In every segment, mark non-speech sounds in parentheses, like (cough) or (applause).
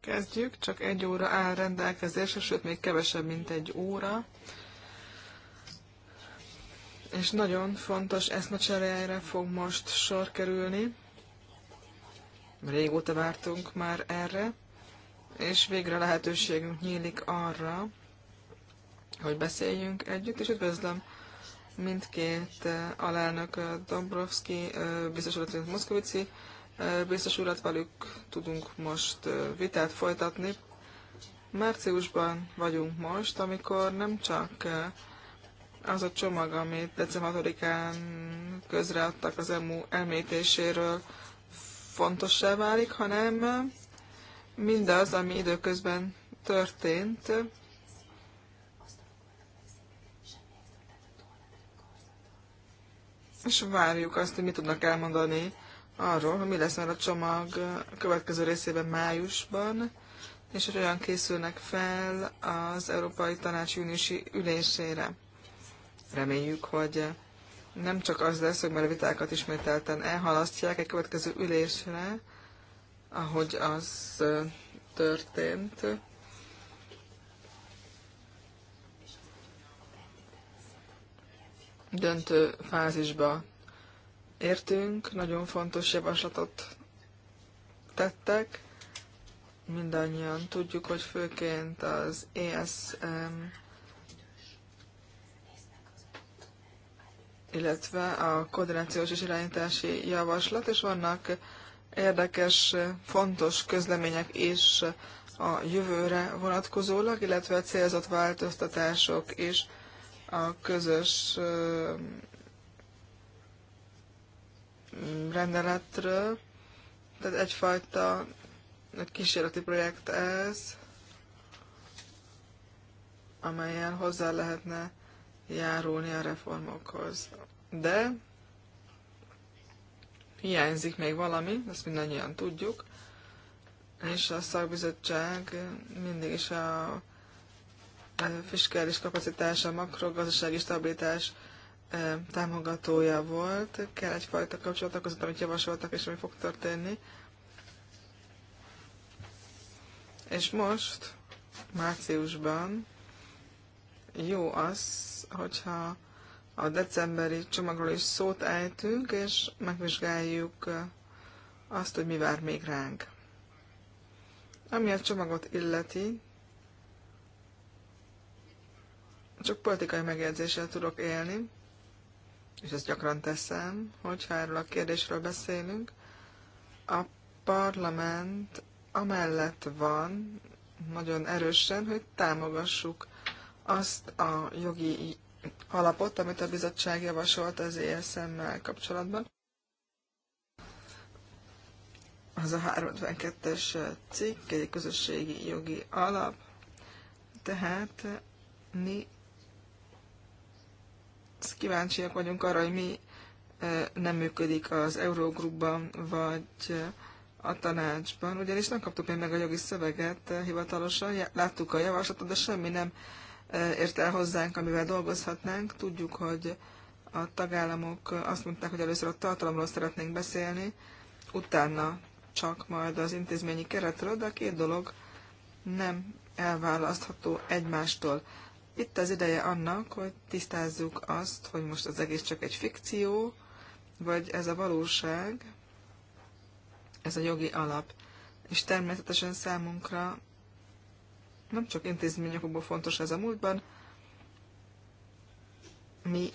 Kezdjük, csak egy óra áll rendelkezésre, sőt még kevesebb, mint egy óra. És nagyon fontos cseréjére fog most sor kerülni. Régóta vártunk már erre, és végre lehetőségünk nyílik arra, hogy beszéljünk együtt, és üdvözlöm mindkét alelnök Dombrovski, biztos Moszkovici, biztos urat velük tudunk most vitát folytatni. Márciusban vagyunk most, amikor nem csak az a csomag, amit december 6-án közreadtak az EMU elmétéséről, fontossá válik, hanem mindaz, ami időközben történt, és várjuk azt, hogy mit tudnak elmondani arról, hogy mi lesz már a csomag a következő részében májusban, és hogy olyan készülnek fel az Európai Tanács júniusi ülésére. Reméljük, hogy nem csak az lesz, hogy már a vitákat ismételten elhalasztják egy következő ülésre, ahogy az történt. Döntő fázisba értünk, nagyon fontos javaslatot tettek. Mindannyian tudjuk, hogy főként az ESM, illetve a koordinációs és irányítási javaslat, és vannak érdekes, fontos közlemények is a jövőre vonatkozólag, illetve a célzott változtatások is a közös rendeletről. Tehát egyfajta kísérleti projekt ez, amelyen hozzá lehetne járulni a reformokhoz. De hiányzik még valami, ezt mindannyian tudjuk, és a szakbizottság mindig is a fiskális kapacitás, a makrogazdasági stabilitás támogatója volt, kell egyfajta kapcsolat között, amit javasoltak, és ami fog történni. És most, márciusban, jó az, hogyha a decemberi csomagról is szót ejtünk, és megvizsgáljuk azt, hogy mi vár még ránk. Ami a csomagot illeti, csak politikai megjegyzéssel tudok élni és ezt gyakran teszem, hogyha erről a kérdésről beszélünk, a parlament amellett van nagyon erősen, hogy támogassuk azt a jogi alapot, amit a bizottság javasolt az ESM-mel kapcsolatban. Az a 352-es cikk, egy közösségi jogi alap, tehát mi kíváncsiak vagyunk arra, hogy mi nem működik az Eurogrupban, vagy a tanácsban, ugyanis nem kaptuk még meg a jogi szöveget hivatalosan, láttuk a javaslatot, de semmi nem ért el hozzánk, amivel dolgozhatnánk. Tudjuk, hogy a tagállamok azt mondták, hogy először a tartalomról szeretnénk beszélni, utána csak majd az intézményi keretről, de a két dolog nem elválasztható egymástól. Itt az ideje annak, hogy tisztázzuk azt, hogy most az egész csak egy fikció, vagy ez a valóság, ez a jogi alap. És természetesen számunkra nem csak intézményekből fontos ez a múltban, mi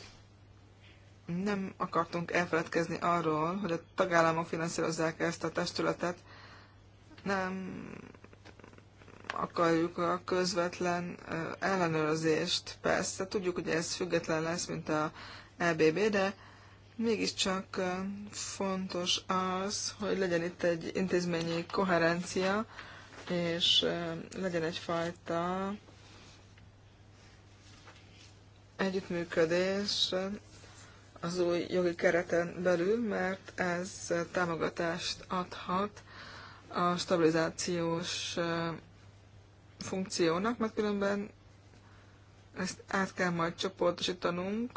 nem akartunk elfeledkezni arról, hogy a tagállamok finanszírozzák ezt a testületet, nem akarjuk a közvetlen ellenőrzést. Persze, tudjuk, hogy ez független lesz, mint a EBB, de mégiscsak fontos az, hogy legyen itt egy intézményi koherencia, és legyen egyfajta együttműködés az új jogi kereten belül, mert ez támogatást adhat a stabilizációs funkciónak, mert különben ezt át kell majd csoportosítanunk.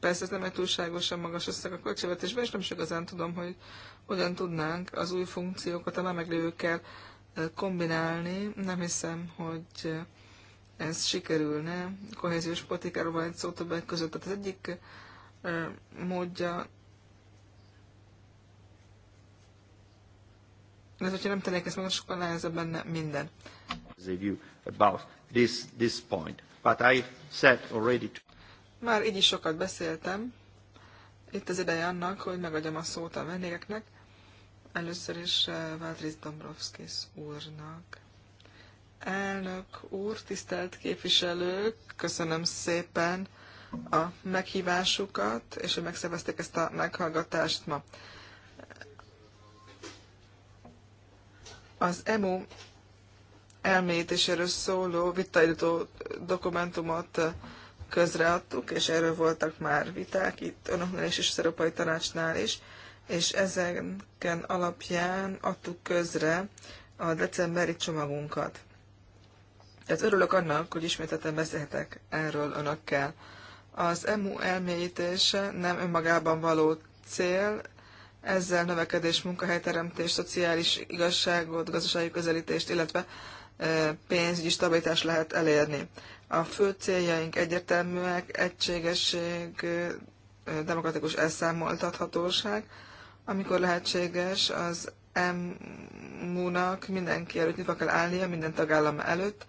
Persze ez nem egy túlságosan magas összeg a költségvetésben, és nem is igazán tudom, hogy hogyan tudnánk az új funkciókat a már meglévőkkel eh, kombinálni. Nem hiszem, hogy ez sikerülne. Kohéziós politikáról van egy szó többek között. Tehát az egyik eh, módja ez, hogyha nem tennék ezt meg, sokkal nehezebb benne minden the view about this, this point. But I said already to... Már így is sokat beszéltem. Itt az ideje annak, hogy megadjam a szót a vendégeknek. Először is Váltriz eh, Dombrovskis úrnak. Elnök úr, tisztelt képviselők, köszönöm szépen a meghívásukat, és hogy megszervezték ezt a meghallgatást ma. Az EMU elmélyítéséről szóló vitajutó dokumentumot közreadtuk, és erről voltak már viták itt önöknél is, és az Európai Tanácsnál is, és ezeken alapján adtuk közre a decemberi csomagunkat. Tehát örülök annak, hogy ismételten beszélhetek erről önökkel. Az EMU elmélyítése nem önmagában való cél, ezzel növekedés, munkahelyteremtés, szociális igazságot, gazdasági közelítést, illetve pénzügyi stabilitást lehet elérni. A fő céljaink egyértelműek, egységesség, demokratikus elszámoltathatóság, amikor lehetséges az EMU-nak mindenki előtt nyitva kell állnia, minden tagállam előtt,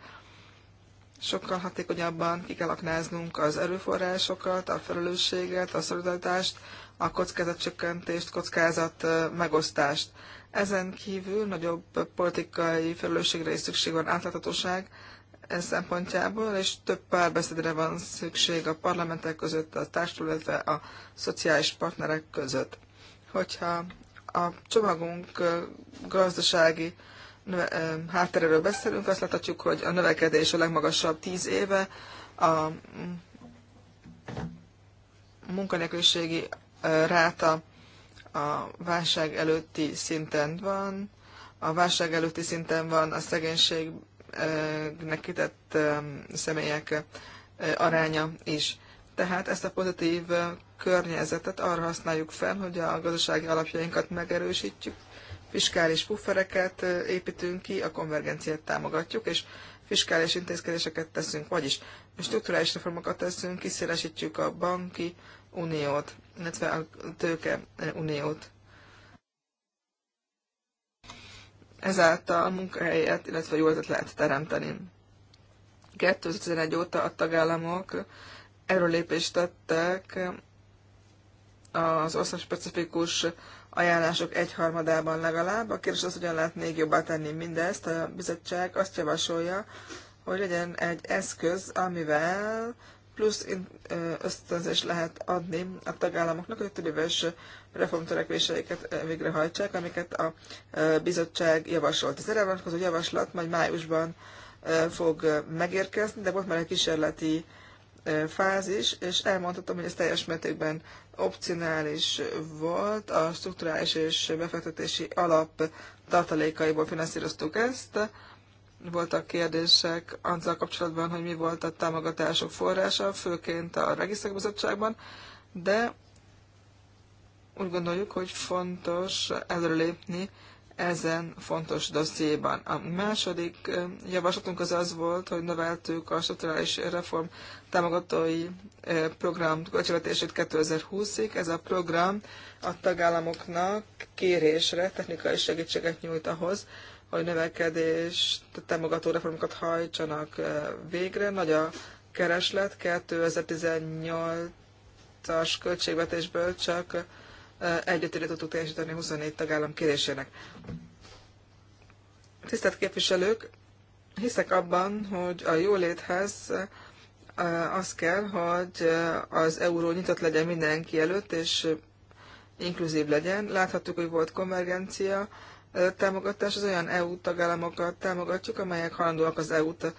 sokkal hatékonyabban ki kell aknáznunk az erőforrásokat, a felelősséget, a szolidaritást, a kockázatcsökkentést, kockázat megosztást. Ezen kívül nagyobb politikai felelősségre is szükség van átláthatóság ez szempontjából, és több párbeszédre van szükség a parlamentek között, a társulat, a szociális partnerek között. Hogyha a csomagunk gazdasági hátteréről beszélünk, azt láthatjuk, hogy a növekedés a legmagasabb tíz éve, a mm, munkanélküliségi ráta a válság előtti szinten van, a válság előtti szinten van a szegénységnek kitett személyek e, aránya is. Tehát ezt a pozitív környezetet arra használjuk fel, hogy a gazdasági alapjainkat megerősítjük, fiskális puffereket e, építünk ki, a konvergenciát támogatjuk, és fiskális intézkedéseket teszünk, vagyis strukturális reformokat teszünk, kiszélesítjük a banki uniót illetve a tőke uniót. Ezáltal munkahelyet, illetve jóletet lehet teremteni. 2011 óta a tagállamok lépést tettek az specifikus ajánlások egyharmadában legalább. A kérdés az, hogyan lehet még jobbá tenni mindezt. A bizottság azt javasolja, hogy legyen egy eszköz, amivel plusz ösztönzés lehet adni a tagállamoknak, hogy több reformtörekvéseiket végrehajtsák, amiket a bizottság javasolt. Az erre vonatkozó javaslat majd májusban fog megérkezni, de volt már egy kísérleti fázis, és elmondhatom, hogy ez teljes mértékben opcionális volt, a strukturális és befektetési alap tartalékaiból finanszíroztuk ezt, voltak kérdések azzal kapcsolatban, hogy mi volt a támogatások forrása, főként a regiszterbizottságban, de úgy gondoljuk, hogy fontos előlépni ezen fontos dossziéban. A második javaslatunk az az volt, hogy növeltük a strukturális reform támogatói program költségvetését 2020-ig. Ez a program a tagállamoknak kérésre technikai segítséget nyújt ahhoz, hogy a támogató reformokat hajtsanak eh, végre. Nagy a kereslet, 2018-as költségvetésből csak eh, egyötére tudtuk teljesíteni 24 tagállam kérésének. Tisztelt képviselők, hiszek abban, hogy a jóléthez eh, az kell, hogy az euró nyitott legyen mindenki előtt, és inkluzív legyen. Láthattuk, hogy volt konvergencia, támogatás, az olyan EU tagállamokat támogatjuk, amelyek halandóak az EU-t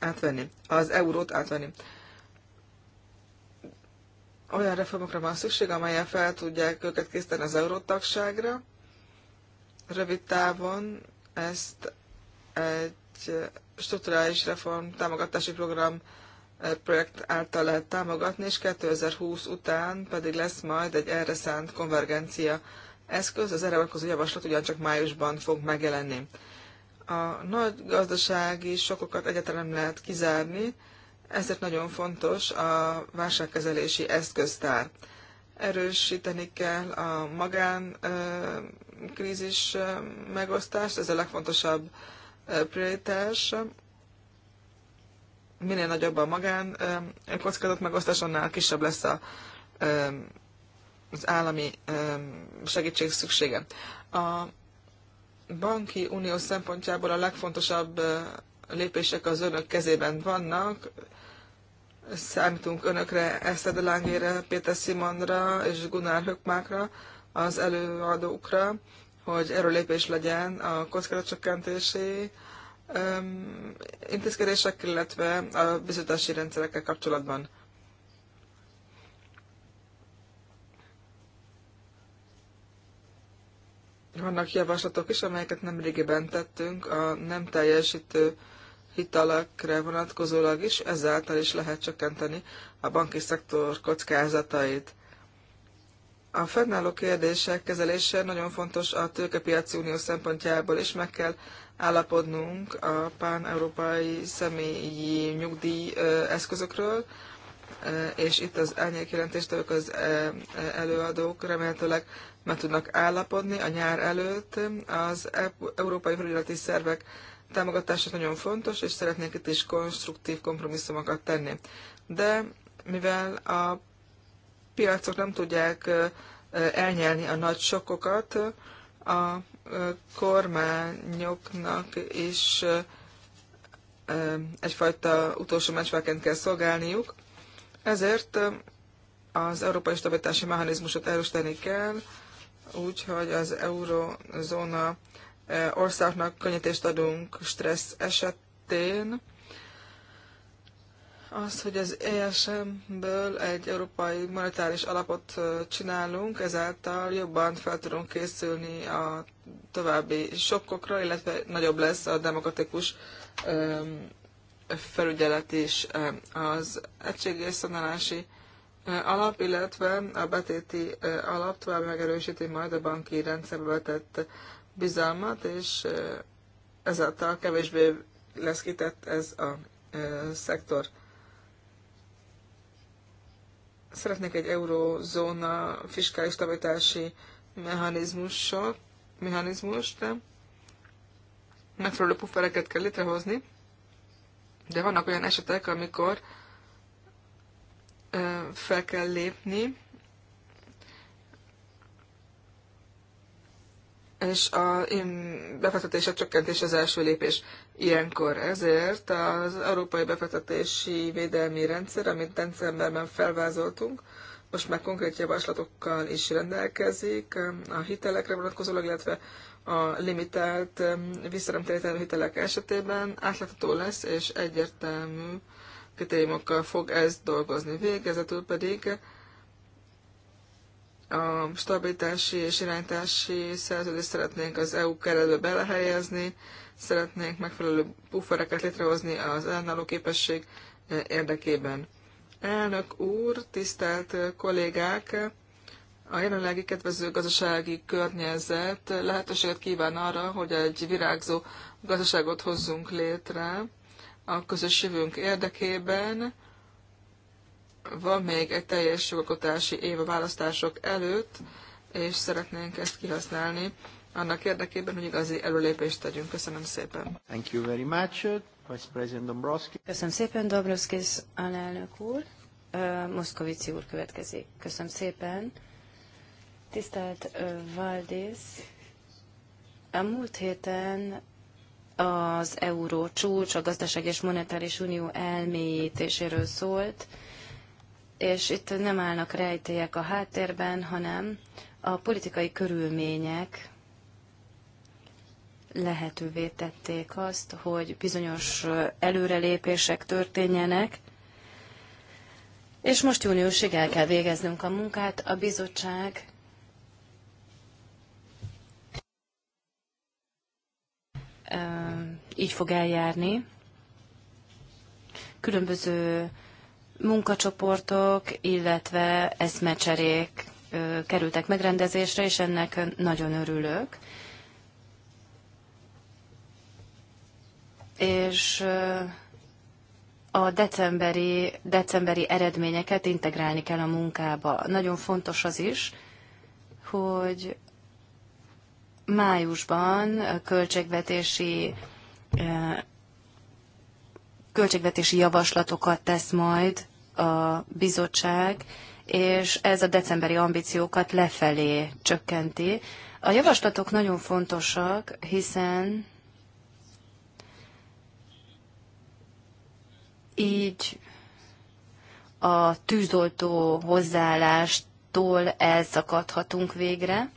átvenni, az eurót átvenni. Olyan reformokra van szükség, amelyek fel tudják őket készíteni az eurótagságra. Rövid távon ezt egy strukturális reform támogatási program projekt által lehet támogatni, és 2020 után pedig lesz majd egy erre szánt konvergencia eszköz, az erre vonatkozó javaslat ugyancsak májusban fog megjelenni. A nagy gazdasági sokokat egyáltalán nem lehet kizárni, ezért nagyon fontos a válságkezelési eszköztár. Erősíteni kell a magán krízis megosztást, ez a legfontosabb prioritás. Minél nagyobb a magán kockázat megosztás, annál kisebb lesz a az állami segítség szüksége. A banki unió szempontjából a legfontosabb lépések az önök kezében vannak. Számítunk önökre, Eszed Lángére, Péter Simonra és Gunnar Hökmákra, az előadókra, hogy lépés legyen a kockázatcsökkentési intézkedésekkel, illetve a bizonyítási rendszerekkel kapcsolatban. vannak javaslatok is, amelyeket nem régiben tettünk a nem teljesítő hitelekre vonatkozólag is, ezáltal is lehet csökkenteni a banki szektor kockázatait. A fennálló kérdések kezelése nagyon fontos a tőkepiaci unió szempontjából is, meg kell állapodnunk a pán-európai személyi nyugdíj eszközökről, és itt az elnyék jelentéstevők az előadók remélhetőleg meg tudnak állapodni a nyár előtt. Az e európai felügyeleti szervek támogatása nagyon fontos, és szeretnék itt is konstruktív kompromisszumokat tenni. De mivel a piacok nem tudják elnyelni a nagy sokokat, a kormányoknak is egyfajta utolsó mencsváként kell szolgálniuk, ezért az európai stabilitási mechanizmusot erősíteni kell, úgyhogy az eurozóna országnak könnyítést adunk stressz esetén. Az, hogy az ESM-ből egy európai monetáris alapot csinálunk, ezáltal jobban fel tudunk készülni a további sokkokra, illetve nagyobb lesz a demokratikus felügyelet is az egységes szanálási alap, illetve a betéti alap tovább megerősíti majd a banki rendszerbe vetett bizalmat, és ezáltal kevésbé lesz kitett ez a szektor. Szeretnék egy eurozóna fiskális stabilitási mechanizmusot, mechanizmust, megfelelő puffereket kell létrehozni, de vannak olyan esetek, amikor fel kell lépni, és a befektetése csökkentés az első lépés ilyenkor. Ezért az Európai Befektetési Védelmi Rendszer, amit decemberben felvázoltunk, most már konkrét javaslatokkal is rendelkezik a hitelekre vonatkozólag, illetve a limitált visszaremtételő hitelek esetében átlátható lesz, és egyértelmű kritériumokkal fog ez dolgozni. Végezetül pedig a stabilitási és irányítási szerződést szeretnénk az EU keretbe belehelyezni, szeretnénk megfelelő puffereket létrehozni az ellenálló képesség eh, érdekében. Elnök úr, tisztelt eh, kollégák! A jelenlegi kedvező gazdasági környezet lehetőséget kíván arra, hogy egy virágzó gazdaságot hozzunk létre a közös jövőnk érdekében. Van még egy teljes jogalkotási év a választások előtt, és szeretnénk ezt kihasználni annak érdekében, hogy igazi előlépést tegyünk. Köszönöm szépen. Thank you very much, uh, Vice President Dombrovskis. Köszönöm szépen, Dombrovskis alelnök úr. Uh, Moszkovici úr következik. Köszönöm szépen. Tisztelt Valdész, a múlt héten az euró csúcs a gazdaság és monetáris unió elmélyítéséről szólt, és itt nem állnak rejtélyek a háttérben, hanem a politikai körülmények lehetővé tették azt, hogy bizonyos előrelépések történjenek, és most júniusig el kell végeznünk a munkát. A bizottság így fog eljárni. Különböző munkacsoportok, illetve eszmecserék kerültek megrendezésre, és ennek nagyon örülök. És a decemberi, decemberi eredményeket integrálni kell a munkába. Nagyon fontos az is, hogy májusban a költségvetési költségvetési javaslatokat tesz majd a bizottság, és ez a decemberi ambíciókat lefelé csökkenti. A javaslatok nagyon fontosak, hiszen így a tűzoltó hozzáállástól elszakadhatunk végre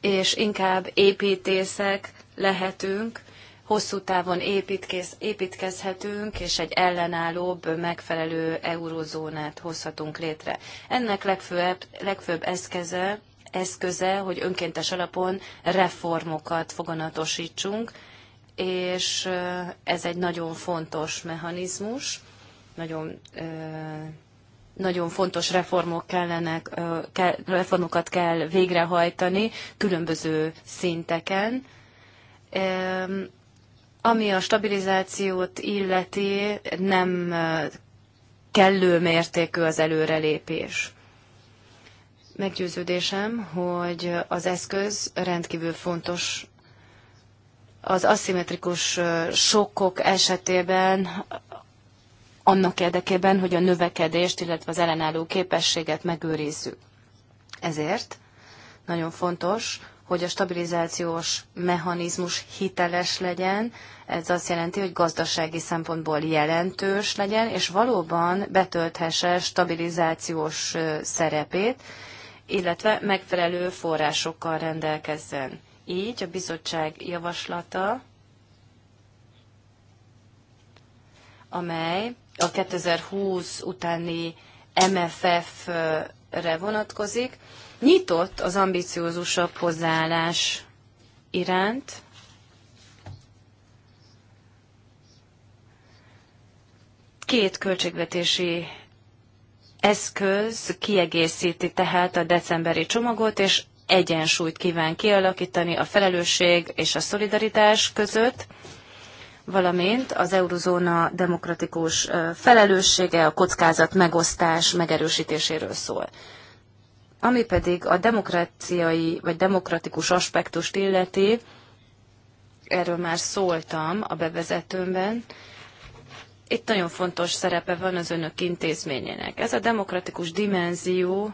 és inkább építészek lehetünk, hosszú távon építkez, építkezhetünk, és egy ellenállóbb, megfelelő eurózónát hozhatunk létre. Ennek legfőbb, legfőbb eszköze, eszköze, hogy önkéntes alapon reformokat foganatosítsunk, és ez egy nagyon fontos mechanizmus, nagyon nagyon fontos reformok kellenek, reformokat kell végrehajtani különböző szinteken. Ami a stabilizációt illeti, nem kellő mértékű az előrelépés. Meggyőződésem, hogy az eszköz rendkívül fontos az aszimmetrikus sokkok esetében annak érdekében, hogy a növekedést, illetve az ellenálló képességet megőrizzük. Ezért nagyon fontos, hogy a stabilizációs mechanizmus hiteles legyen. Ez azt jelenti, hogy gazdasági szempontból jelentős legyen, és valóban betölthesse stabilizációs szerepét, illetve megfelelő forrásokkal rendelkezzen. Így a bizottság javaslata, amely a 2020 utáni MFF-re vonatkozik. Nyitott az ambiciózusabb hozzáállás iránt. Két költségvetési eszköz kiegészíti tehát a decemberi csomagot, és egyensúlyt kíván kialakítani a felelősség és a szolidaritás között valamint az eurozóna demokratikus felelőssége, a kockázat megosztás megerősítéséről szól. Ami pedig a demokráciai vagy demokratikus aspektust illeti, erről már szóltam a bevezetőmben, itt nagyon fontos szerepe van az önök intézményének. Ez a demokratikus dimenzió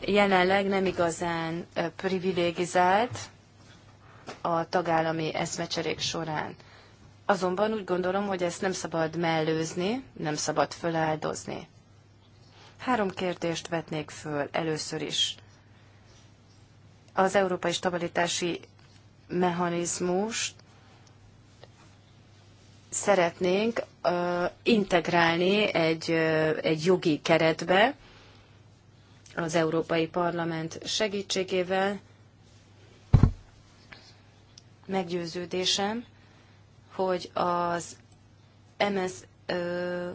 jelenleg nem igazán privilegizált, a tagállami eszmecserék során. Azonban úgy gondolom, hogy ezt nem szabad mellőzni, nem szabad föláldozni. Három kérdést vetnék föl először is. Az európai stabilitási mechanizmust szeretnénk uh, integrálni egy, uh, egy jogi keretbe az Európai Parlament segítségével, meggyőződésem, hogy az MS ö,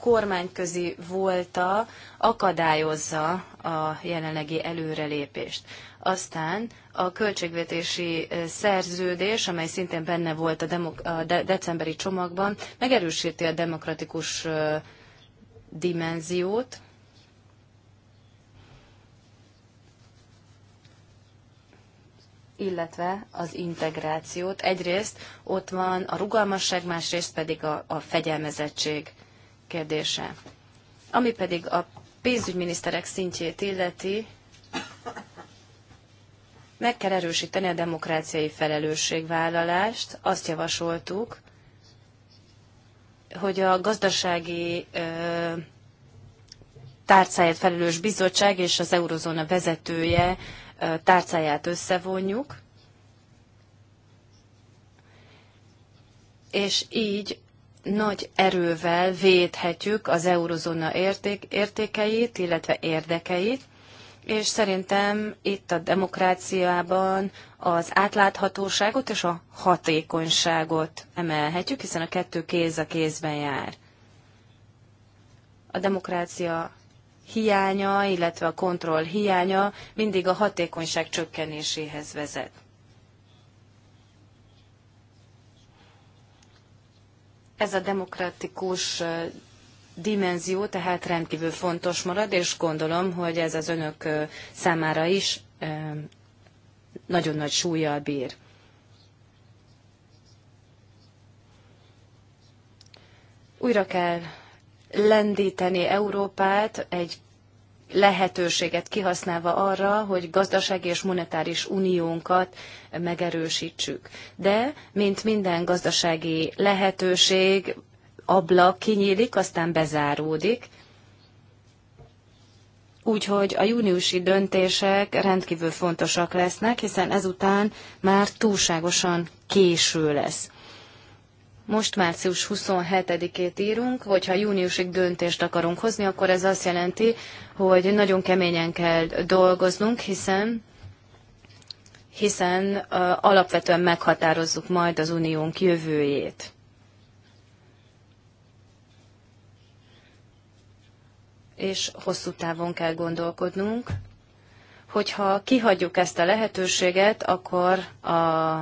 kormányközi volta akadályozza a jelenlegi előrelépést. Aztán a költségvetési szerződés, amely szintén benne volt a, demok- a de- decemberi csomagban, megerősíti a demokratikus dimenziót, illetve az integrációt. Egyrészt ott van a rugalmasság, másrészt pedig a, a fegyelmezettség kérdése. Ami pedig a pénzügyminiszterek szintjét illeti, meg kell erősíteni a demokráciai felelősségvállalást. Azt javasoltuk, hogy a gazdasági ö, tárcáért felelős bizottság és az eurozóna vezetője tárcáját összevonjuk, és így nagy erővel védhetjük az eurozóna érték, értékeit, illetve érdekeit, és szerintem itt a demokráciában az átláthatóságot és a hatékonyságot emelhetjük, hiszen a kettő kéz a kézben jár. A demokrácia hiánya, illetve a kontroll hiánya mindig a hatékonyság csökkenéséhez vezet. Ez a demokratikus dimenzió tehát rendkívül fontos marad, és gondolom, hogy ez az önök számára is nagyon nagy súlyjal bír. Újra kell lendíteni Európát egy lehetőséget kihasználva arra, hogy gazdasági és monetáris uniónkat megerősítsük. De, mint minden gazdasági lehetőség, ablak kinyílik, aztán bezáródik. Úgyhogy a júniusi döntések rendkívül fontosak lesznek, hiszen ezután már túlságosan késő lesz. Most március 27-ét írunk, hogyha júniusig döntést akarunk hozni, akkor ez azt jelenti, hogy nagyon keményen kell dolgoznunk, hiszen hiszen uh, alapvetően meghatározzuk majd az uniónk jövőjét. És hosszú távon kell gondolkodnunk. Hogyha kihagyjuk ezt a lehetőséget, akkor a,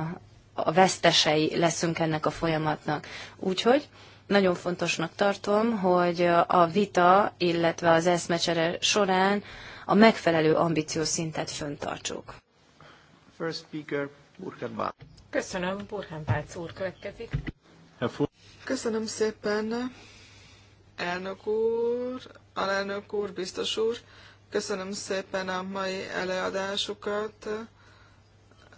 a vesztesei leszünk ennek a folyamatnak. Úgyhogy nagyon fontosnak tartom, hogy a vita, illetve az eszmecsere során a megfelelő ambíciószintet föntartsuk. First speaker, Köszönöm, Burhan Pálc úr következik. Köszönöm szépen, elnök úr, alelnök úr, biztos úr. Köszönöm szépen a mai előadásukat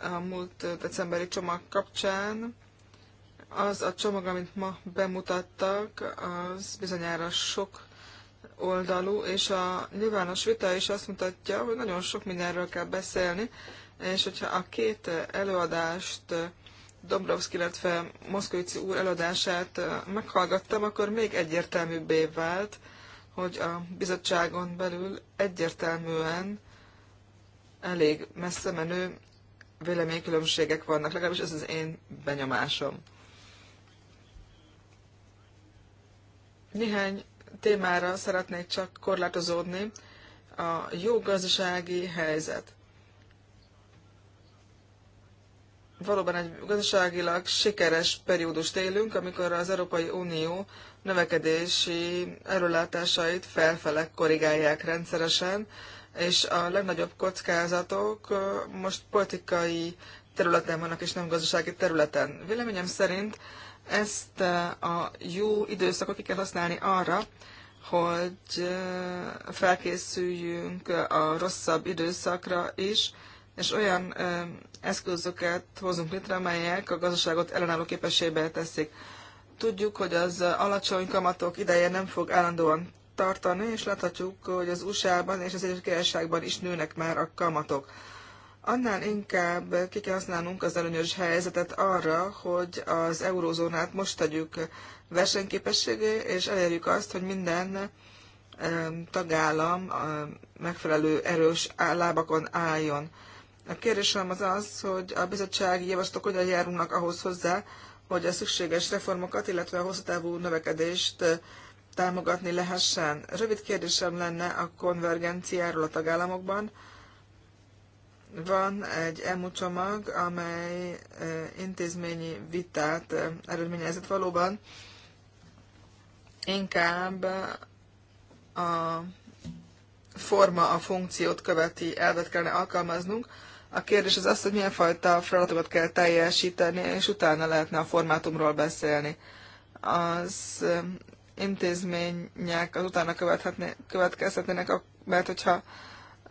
a múlt decemberi csomag kapcsán. Az a csomag, amit ma bemutattak, az bizonyára sok oldalú, és a nyilvános vita is azt mutatja, hogy nagyon sok mindenről kell beszélni, és hogyha a két előadást, Dombrovszki, illetve Moszkvici úr előadását meghallgattam, akkor még egyértelműbbé vált, hogy a bizottságon belül egyértelműen elég messze menő véleménykülönbségek vannak, legalábbis ez az én benyomásom. Néhány témára szeretnék csak korlátozódni. A jó gazdasági helyzet. Valóban egy gazdaságilag sikeres periódust élünk, amikor az Európai Unió növekedési erőlátásait felfelek korrigálják rendszeresen, és a legnagyobb kockázatok most politikai területen vannak, és nem gazdasági területen. Véleményem szerint ezt a jó időszakot ki kell használni arra, hogy felkészüljünk a rosszabb időszakra is, és olyan eszközöket hozunk létre, amelyek a gazdaságot ellenálló képességbe teszik. Tudjuk, hogy az alacsony kamatok ideje nem fog állandóan tartani, és láthatjuk, hogy az USA-ban és az Egyesült Királyságban is nőnek már a kamatok. Annál inkább ki kell használnunk az előnyös helyzetet arra, hogy az eurózónát most tegyük versenyképességé, és elérjük azt, hogy minden tagállam megfelelő erős lábakon álljon. A kérdésem az az, hogy a bizottsági javaslatok hogyan járulnak ahhoz hozzá, hogy a szükséges reformokat, illetve a hosszú távú növekedést támogatni lehessen. Rövid kérdésem lenne a konvergenciáról a tagállamokban. Van egy EMU csomag, amely intézményi vitát eredményezett valóban. Inkább a forma a funkciót követi elvet kellene alkalmaznunk. A kérdés az az, hogy milyen fajta feladatokat kell teljesíteni, és utána lehetne a formátumról beszélni. Az intézmények az utána következhetnének, mert hogyha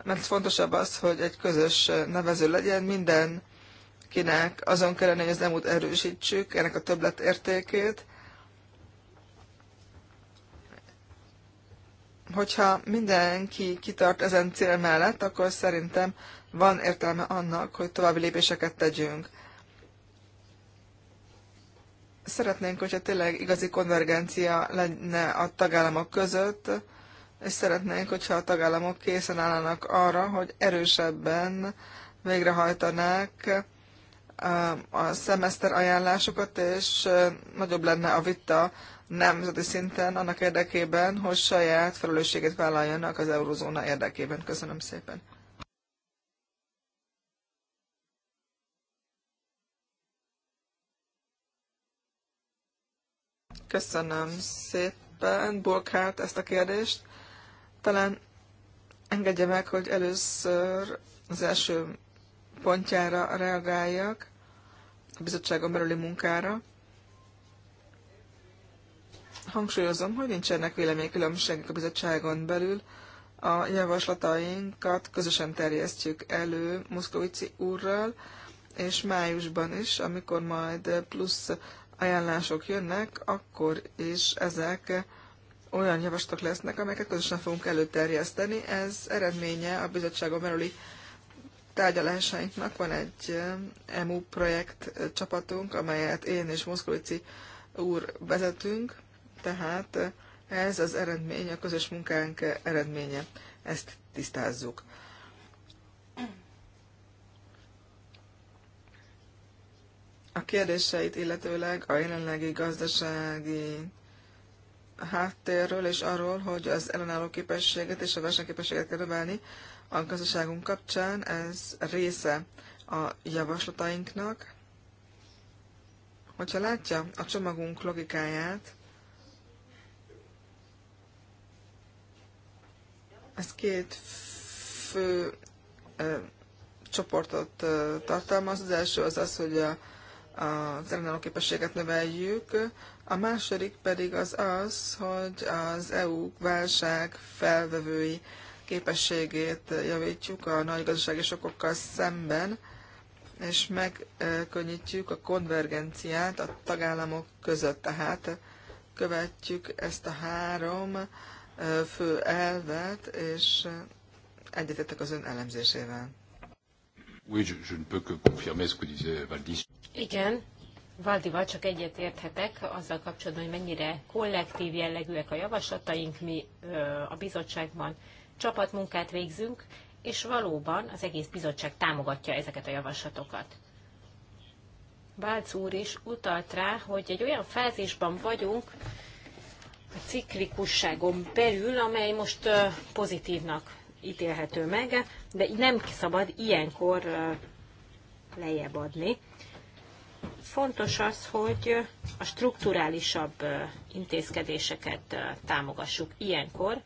mert fontosabb az, hogy egy közös nevező legyen minden kinek azon kellene, hogy az elmúlt erősítsük, ennek a többlet értékét. Hogyha mindenki kitart ezen cél mellett, akkor szerintem van értelme annak, hogy további lépéseket tegyünk. Szeretnénk, hogyha tényleg igazi konvergencia lenne a tagállamok között, és szeretnénk, hogyha a tagállamok készen állnának arra, hogy erősebben végrehajtanák a szemeszter ajánlásokat, és nagyobb lenne a vita nemzeti szinten annak érdekében, hogy saját felelősséget vállaljanak az eurozóna érdekében. Köszönöm szépen. Köszönöm szépen, Burkhardt, ezt a kérdést. Talán engedje meg, hogy először az első pontjára reagáljak, a bizottságon belüli munkára. Hangsúlyozom, hogy nincsenek véleménykülönbségek a bizottságon belül. A javaslatainkat közösen terjesztjük elő Muszkovici úrral, és májusban is, amikor majd plusz ajánlások jönnek, akkor is ezek olyan javaslatok lesznek, amelyeket közösen fogunk előterjeszteni. Ez eredménye a bizottságon belüli tárgyalásainknak. Van egy eh, EMU projekt eh, csapatunk, amelyet én és Moszkolici úr vezetünk, tehát eh, ez az eredmény, a közös munkánk eredménye. Ezt tisztázzuk. a kérdéseit illetőleg a jelenlegi gazdasági háttérről és arról, hogy az ellenálló képességet és a versenyképességet kell növelni a gazdaságunk kapcsán. Ez része a javaslatainknak. Hogyha látja a csomagunk logikáját, ez két fő ö, csoportot ö, tartalmaz. Az első az az, hogy a az ellenálló képességet növeljük. A második pedig az az, hogy az EU válság felvevői képességét javítjuk a nagy gazdasági sokokkal szemben, és megkönnyítjük a konvergenciát a tagállamok között. Tehát követjük ezt a három fő elvet, és egyetettek az ön elemzésével. Oui, je, je ne peux que confirmer ce que disait Valdis. Igen, Valdival csak egyet érthetek azzal kapcsolatban, hogy mennyire kollektív jellegűek a javaslataink. Mi ö, a bizottságban csapatmunkát végzünk, és valóban az egész bizottság támogatja ezeket a javaslatokat. Bálc úr is utalt rá, hogy egy olyan fázisban vagyunk a ciklikusságon belül, amely most pozitívnak ítélhető meg, de nem szabad ilyenkor lejjebb adni. Fontos az, hogy a strukturálisabb intézkedéseket támogassuk ilyenkor,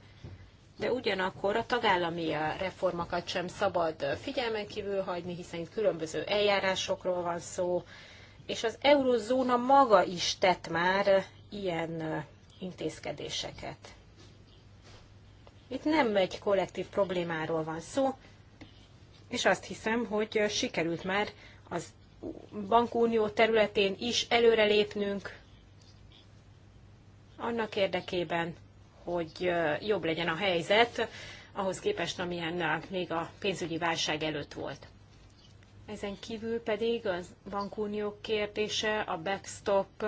de ugyanakkor a tagállami reformokat sem szabad figyelmen kívül hagyni, hiszen itt különböző eljárásokról van szó, és az eurozóna maga is tett már ilyen intézkedéseket. Itt nem egy kollektív problémáról van szó, és azt hiszem, hogy sikerült már az bankunió területén is előrelépnünk annak érdekében, hogy jobb legyen a helyzet ahhoz képest, amilyen még a pénzügyi válság előtt volt. Ezen kívül pedig a bankunió kérdése, a backstop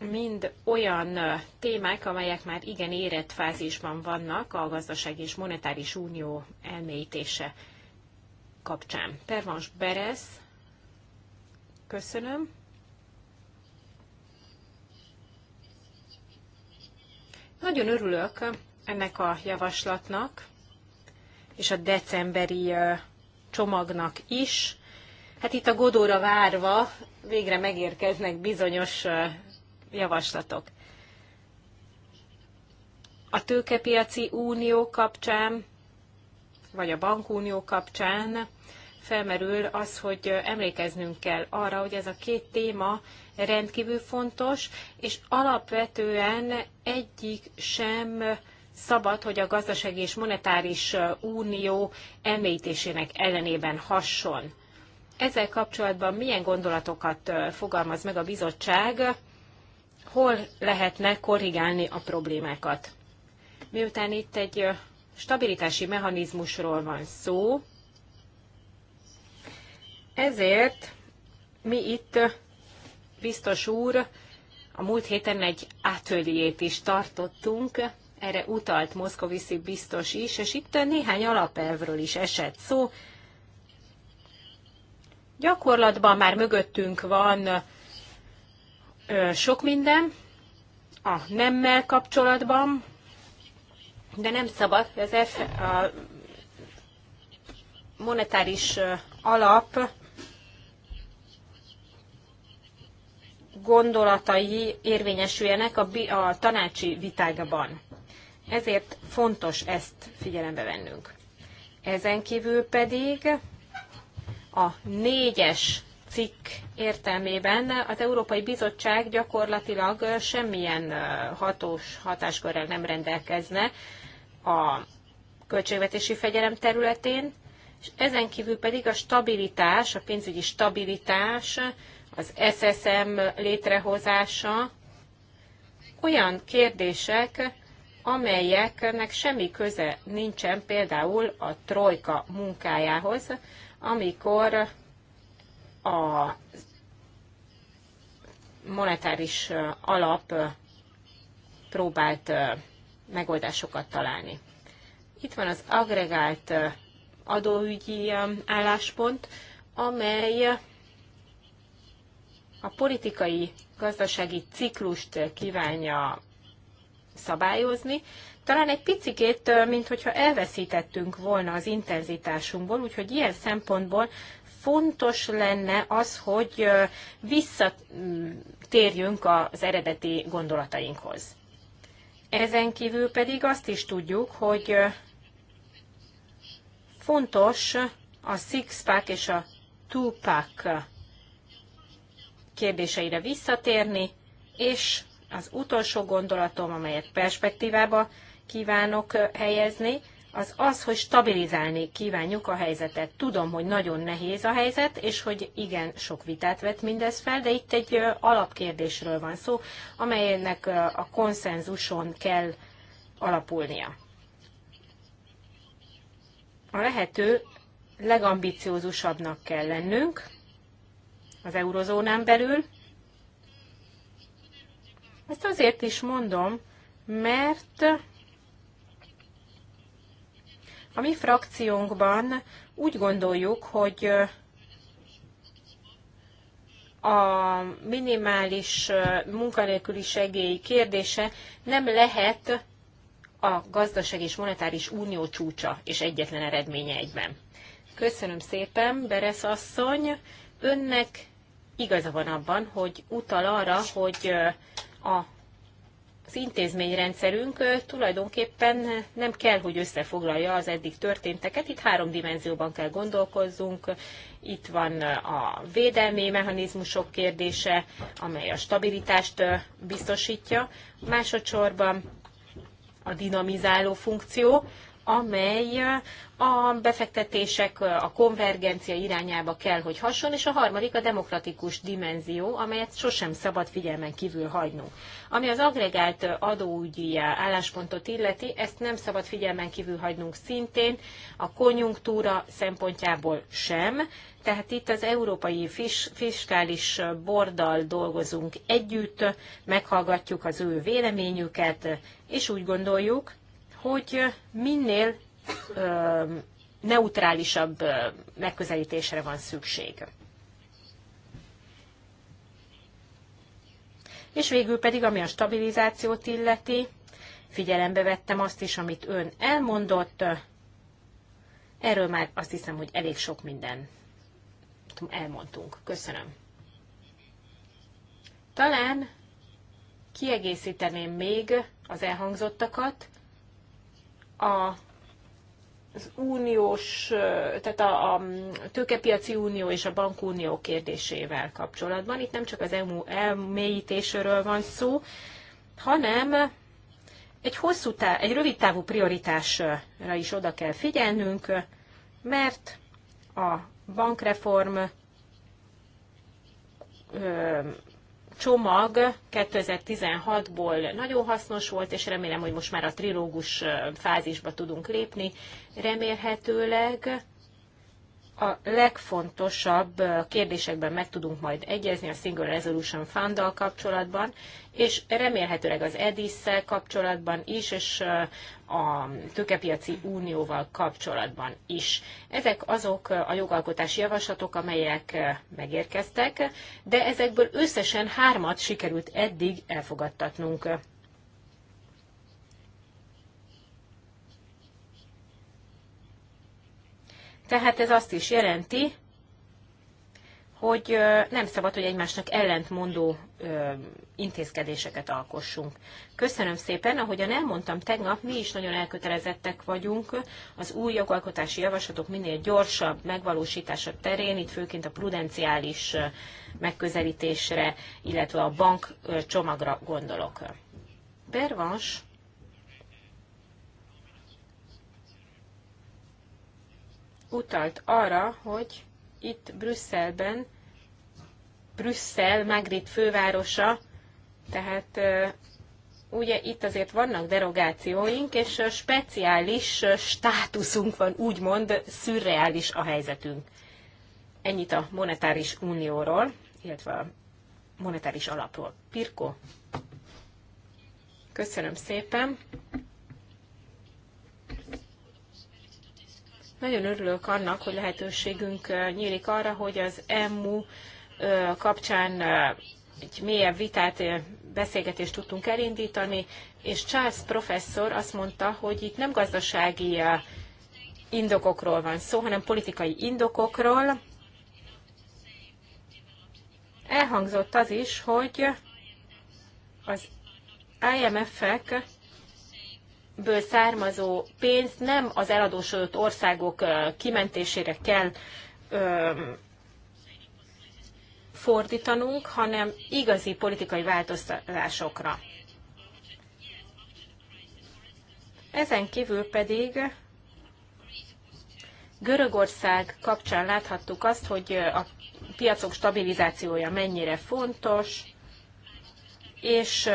mind olyan témák, amelyek már igen érett fázisban vannak a gazdaság és monetáris unió elmélyítése kapcsán. Pervans Beres, köszönöm. Nagyon örülök ennek a javaslatnak, és a decemberi csomagnak is. Hát itt a Godóra várva végre megérkeznek bizonyos javaslatok. A tőkepiaci unió kapcsán, vagy a bankunió kapcsán felmerül az, hogy emlékeznünk kell arra, hogy ez a két téma rendkívül fontos, és alapvetően egyik sem szabad, hogy a gazdasági és monetáris unió említésének ellenében hasson. Ezzel kapcsolatban milyen gondolatokat fogalmaz meg a bizottság hol lehetne korrigálni a problémákat. Miután itt egy stabilitási mechanizmusról van szó, ezért mi itt, biztos úr, a múlt héten egy átöliét is tartottunk, erre utalt Moszkoviszi biztos is, és itt néhány alapelvről is esett szó. Gyakorlatban már mögöttünk van sok minden a nemmel kapcsolatban, de nem szabad, az F, a monetáris alap gondolatai érvényesüljenek a, a tanácsi vitákban. Ezért fontos ezt figyelembe vennünk. Ezen kívül pedig a négyes cikk értelmében az Európai Bizottság gyakorlatilag semmilyen hatós hatáskörrel nem rendelkezne a költségvetési fegyelem területén, és ezen kívül pedig a stabilitás, a pénzügyi stabilitás, az SSM létrehozása olyan kérdések, amelyeknek semmi köze nincsen például a trojka munkájához, amikor a monetáris alap próbált megoldásokat találni. Itt van az agregált adóügyi álláspont, amely a politikai gazdasági ciklust kívánja szabályozni. Talán egy picikét, mint hogyha elveszítettünk volna az intenzitásunkból, úgyhogy ilyen szempontból fontos lenne az, hogy visszatérjünk az eredeti gondolatainkhoz. Ezen kívül pedig azt is tudjuk, hogy fontos a six-pack és a two-pack kérdéseire visszatérni, és az utolsó gondolatom, amelyet perspektívába kívánok helyezni, az az, hogy stabilizálni kívánjuk a helyzetet. Tudom, hogy nagyon nehéz a helyzet, és hogy igen, sok vitát vett mindez fel, de itt egy alapkérdésről van szó, amelynek a konszenzuson kell alapulnia. A lehető legambiciózusabbnak kell lennünk az eurozónán belül. Ezt azért is mondom, mert a mi frakciónkban úgy gondoljuk, hogy a minimális munkanélküli segély kérdése nem lehet a gazdaság és monetáris unió csúcsa és egyetlen eredménye egyben. Köszönöm szépen, Beresz asszony. Önnek igaza van abban, hogy utal arra, hogy a az intézményrendszerünk tulajdonképpen nem kell, hogy összefoglalja az eddig történteket. Itt három dimenzióban kell gondolkozzunk. Itt van a védelmi mechanizmusok kérdése, amely a stabilitást biztosítja. Másodszorban a dinamizáló funkció, amely a befektetések a konvergencia irányába kell, hogy hason, és a harmadik a demokratikus dimenzió, amelyet sosem szabad figyelmen kívül hagynunk. Ami az agregált adóügyi álláspontot illeti, ezt nem szabad figyelmen kívül hagynunk szintén, a konjunktúra szempontjából sem, tehát itt az Európai Fiskális Borddal dolgozunk együtt, meghallgatjuk az ő véleményüket, és úgy gondoljuk, hogy minél ö, neutrálisabb ö, megközelítésre van szükség. És végül pedig, ami a stabilizációt illeti, figyelembe vettem azt is, amit ön elmondott. Erről már azt hiszem, hogy elég sok minden elmondtunk. Köszönöm. Talán kiegészíteném még az elhangzottakat, a az uniós, tehát a, a tőkepiaci unió és a bankunió kérdésével kapcsolatban. Itt nem csak az EMU elmélyítésről van szó, hanem egy hosszú táv, egy rövid távú prioritásra is oda kell figyelnünk, mert a bankreform csomag 2016-ból nagyon hasznos volt, és remélem, hogy most már a trilógus fázisba tudunk lépni. Remélhetőleg a legfontosabb kérdésekben meg tudunk majd egyezni a Single Resolution fund kapcsolatban, és remélhetőleg az edis kapcsolatban is, és a tőkepiaci unióval kapcsolatban is. Ezek azok a jogalkotási javaslatok, amelyek megérkeztek, de ezekből összesen hármat sikerült eddig elfogadtatnunk Tehát ez azt is jelenti, hogy nem szabad, hogy egymásnak ellentmondó intézkedéseket alkossunk. Köszönöm szépen, ahogyan elmondtam tegnap, mi is nagyon elkötelezettek vagyunk az új jogalkotási javaslatok minél gyorsabb megvalósítása terén, itt főként a prudenciális megközelítésre, illetve a bank csomagra gondolok. Bervans utalt arra, hogy itt Brüsszelben, Brüsszel, Magritte fővárosa, tehát ugye itt azért vannak derogációink, és speciális státuszunk van, úgymond szürreális a helyzetünk. Ennyit a monetáris unióról, illetve a monetáris alapról. Pirko? Köszönöm szépen. Nagyon örülök annak, hogy lehetőségünk nyílik arra, hogy az EMU kapcsán egy mélyebb vitát, beszélgetést tudtunk elindítani, és Charles professzor azt mondta, hogy itt nem gazdasági indokokról van szó, hanem politikai indokokról. Elhangzott az is, hogy az IMF-ek ből származó pénzt nem az eladósodott országok kimentésére kell fordítanunk, hanem igazi politikai változásokra. Ezen kívül pedig Görögország kapcsán láthattuk azt, hogy a piacok stabilizációja mennyire fontos, és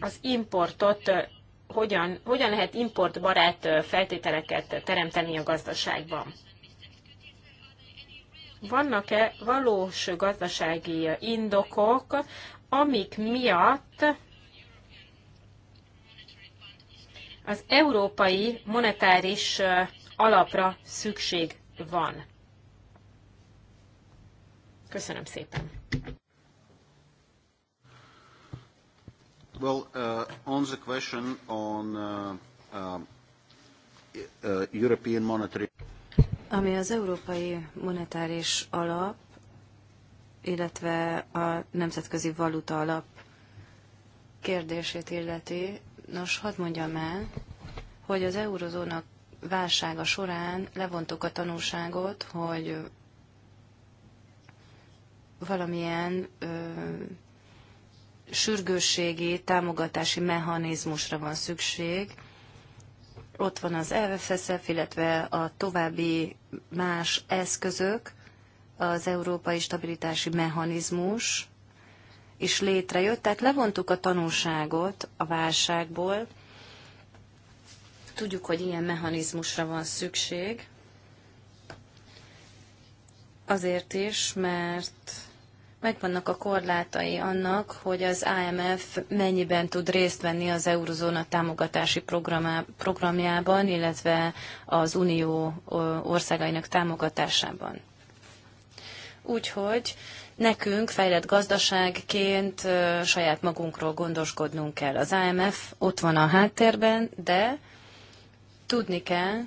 az importot hogyan, hogyan lehet importbarát feltételeket teremteni a gazdaságban. Vannak-e valós gazdasági indokok, amik miatt az európai monetáris alapra szükség van? Köszönöm szépen! Well, uh, on the question on uh, uh, uh, European monetary... Ami az európai monetáris alap, illetve a nemzetközi valuta alap kérdését illeti, nos, hadd mondjam el, hogy az eurozónak válsága során levontuk a tanulságot, hogy valamilyen ö, sürgősségi támogatási mechanizmusra van szükség. Ott van az EFSF, illetve a további más eszközök, az Európai Stabilitási Mechanizmus is létrejött, tehát levontuk a tanulságot a válságból. Tudjuk, hogy ilyen mechanizmusra van szükség. Azért is, mert megvannak a korlátai annak, hogy az IMF mennyiben tud részt venni az eurozóna támogatási programjában, illetve az unió országainak támogatásában. Úgyhogy nekünk fejlett gazdaságként saját magunkról gondoskodnunk kell. Az IMF ott van a háttérben, de tudni kell,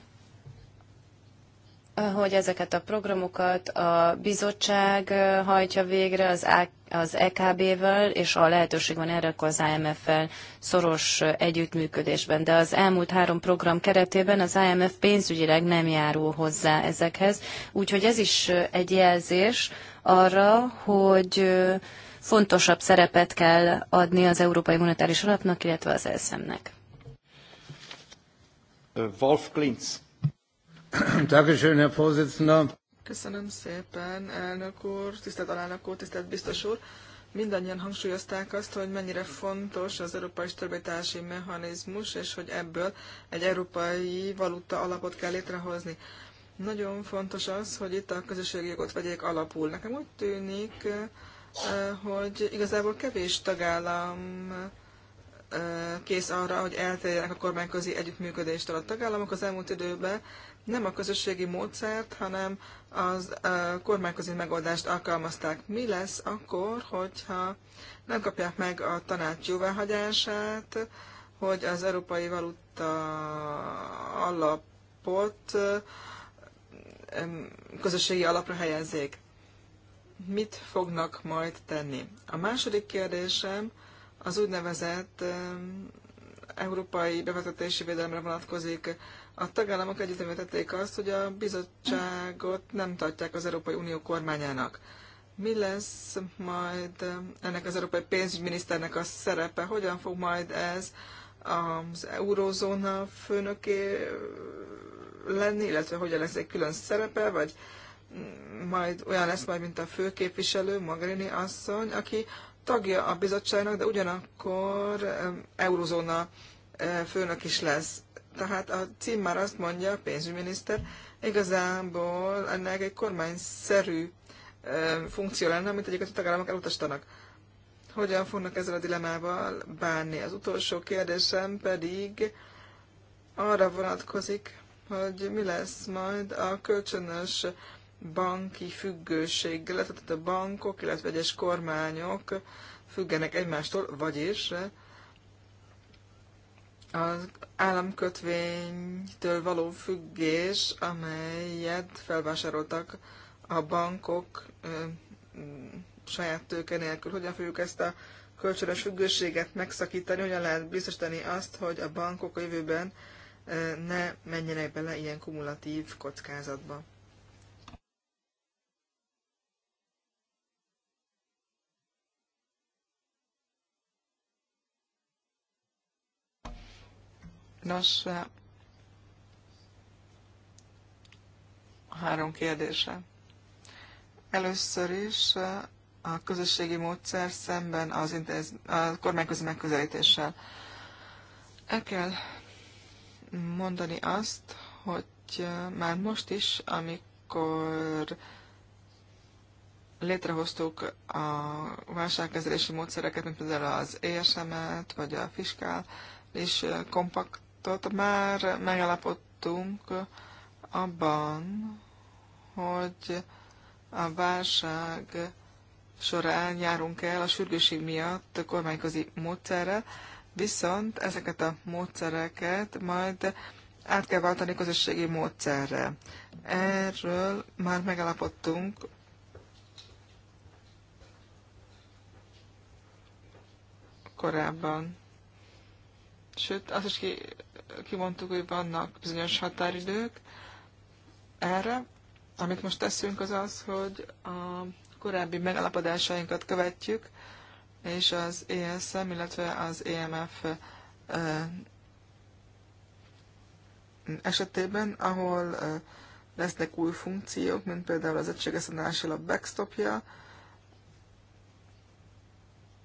hogy ezeket a programokat a bizottság hajtja végre az, az EKB-vel, és a lehetőség van erre, akkor az IMF-fel szoros együttműködésben. De az elmúlt három program keretében az IMF pénzügyileg nem járul hozzá ezekhez. Úgyhogy ez is egy jelzés arra, hogy fontosabb szerepet kell adni az Európai Monetáris Alapnak, illetve az ESM-nek. Wolf Klintz. (clears throat) Köszönöm szépen, elnök úr, tisztelt alelnök úr, tisztelt biztos úr. Mindannyian hangsúlyozták azt, hogy mennyire fontos az európai stabilitási mechanizmus, és hogy ebből egy európai valuta alapot kell létrehozni. Nagyon fontos az, hogy itt a közösségi jogot vegyék alapul. Nekem úgy tűnik, eh, hogy igazából kevés tagállam eh, kész arra, hogy eltérjenek a kormányközi együttműködéstől. A tagállamok az elmúlt időben nem a közösségi módszert, hanem az kormányközi megoldást alkalmazták. Mi lesz akkor, hogyha nem kapják meg a tanács jóváhagyását, hogy az európai valuta alapot közösségi alapra helyezzék? Mit fognak majd tenni? A második kérdésem az úgynevezett európai bevezetési védelemre vonatkozik a tagállamok egyetemetették azt, hogy a bizottságot nem tartják az Európai Unió kormányának. Mi lesz majd ennek az európai pénzügyminiszternek a szerepe? Hogyan fog majd ez az eurózóna főnöké lenni, illetve hogyan lesz egy külön szerepe, vagy majd olyan lesz majd, mint a főképviselő, Magrini asszony, aki tagja a bizottságnak, de ugyanakkor eurozóna főnök is lesz tehát a cím már azt mondja, a pénzügyminiszter, igazából ennek egy kormányszerű funkció lenne, amit egyébként a tagállamok elutasítanak. Hogyan fognak ezzel a dilemával bánni? Az utolsó kérdésem pedig arra vonatkozik, hogy mi lesz majd a kölcsönös banki függőség, illetve a bankok, illetve egyes kormányok függenek egymástól, vagyis az államkötvénytől való függés, amelyet felvásároltak a bankok ö, mm, saját tőke nélkül. Hogyan fogjuk ezt a kölcsönös függőséget megszakítani, hogyan lehet biztosítani azt, hogy a bankok a jövőben ne menjenek bele ilyen kumulatív kockázatba. Nos, három kérdése. Először is a közösségi módszer szemben az intéz, a kormányközi megközelítéssel. El kell mondani azt, hogy már most is, amikor létrehoztuk a válságkezelési módszereket, mint például az ESM-et, vagy a fiskál és kompakt javaslatot, már megállapodtunk abban, hogy a válság során járunk el a sürgőség miatt a kormányközi módszerrel, viszont ezeket a módszereket majd át kell váltani közösségi módszerre. Erről már megállapodtunk korábban sőt azt is ki, kimondtuk, hogy vannak bizonyos határidők erre. Amit most teszünk az az, hogy a korábbi megállapodásainkat követjük, és az ESM, illetve az EMF esetében, ahol lesznek új funkciók, mint például az egységeszedéssel a backstopja,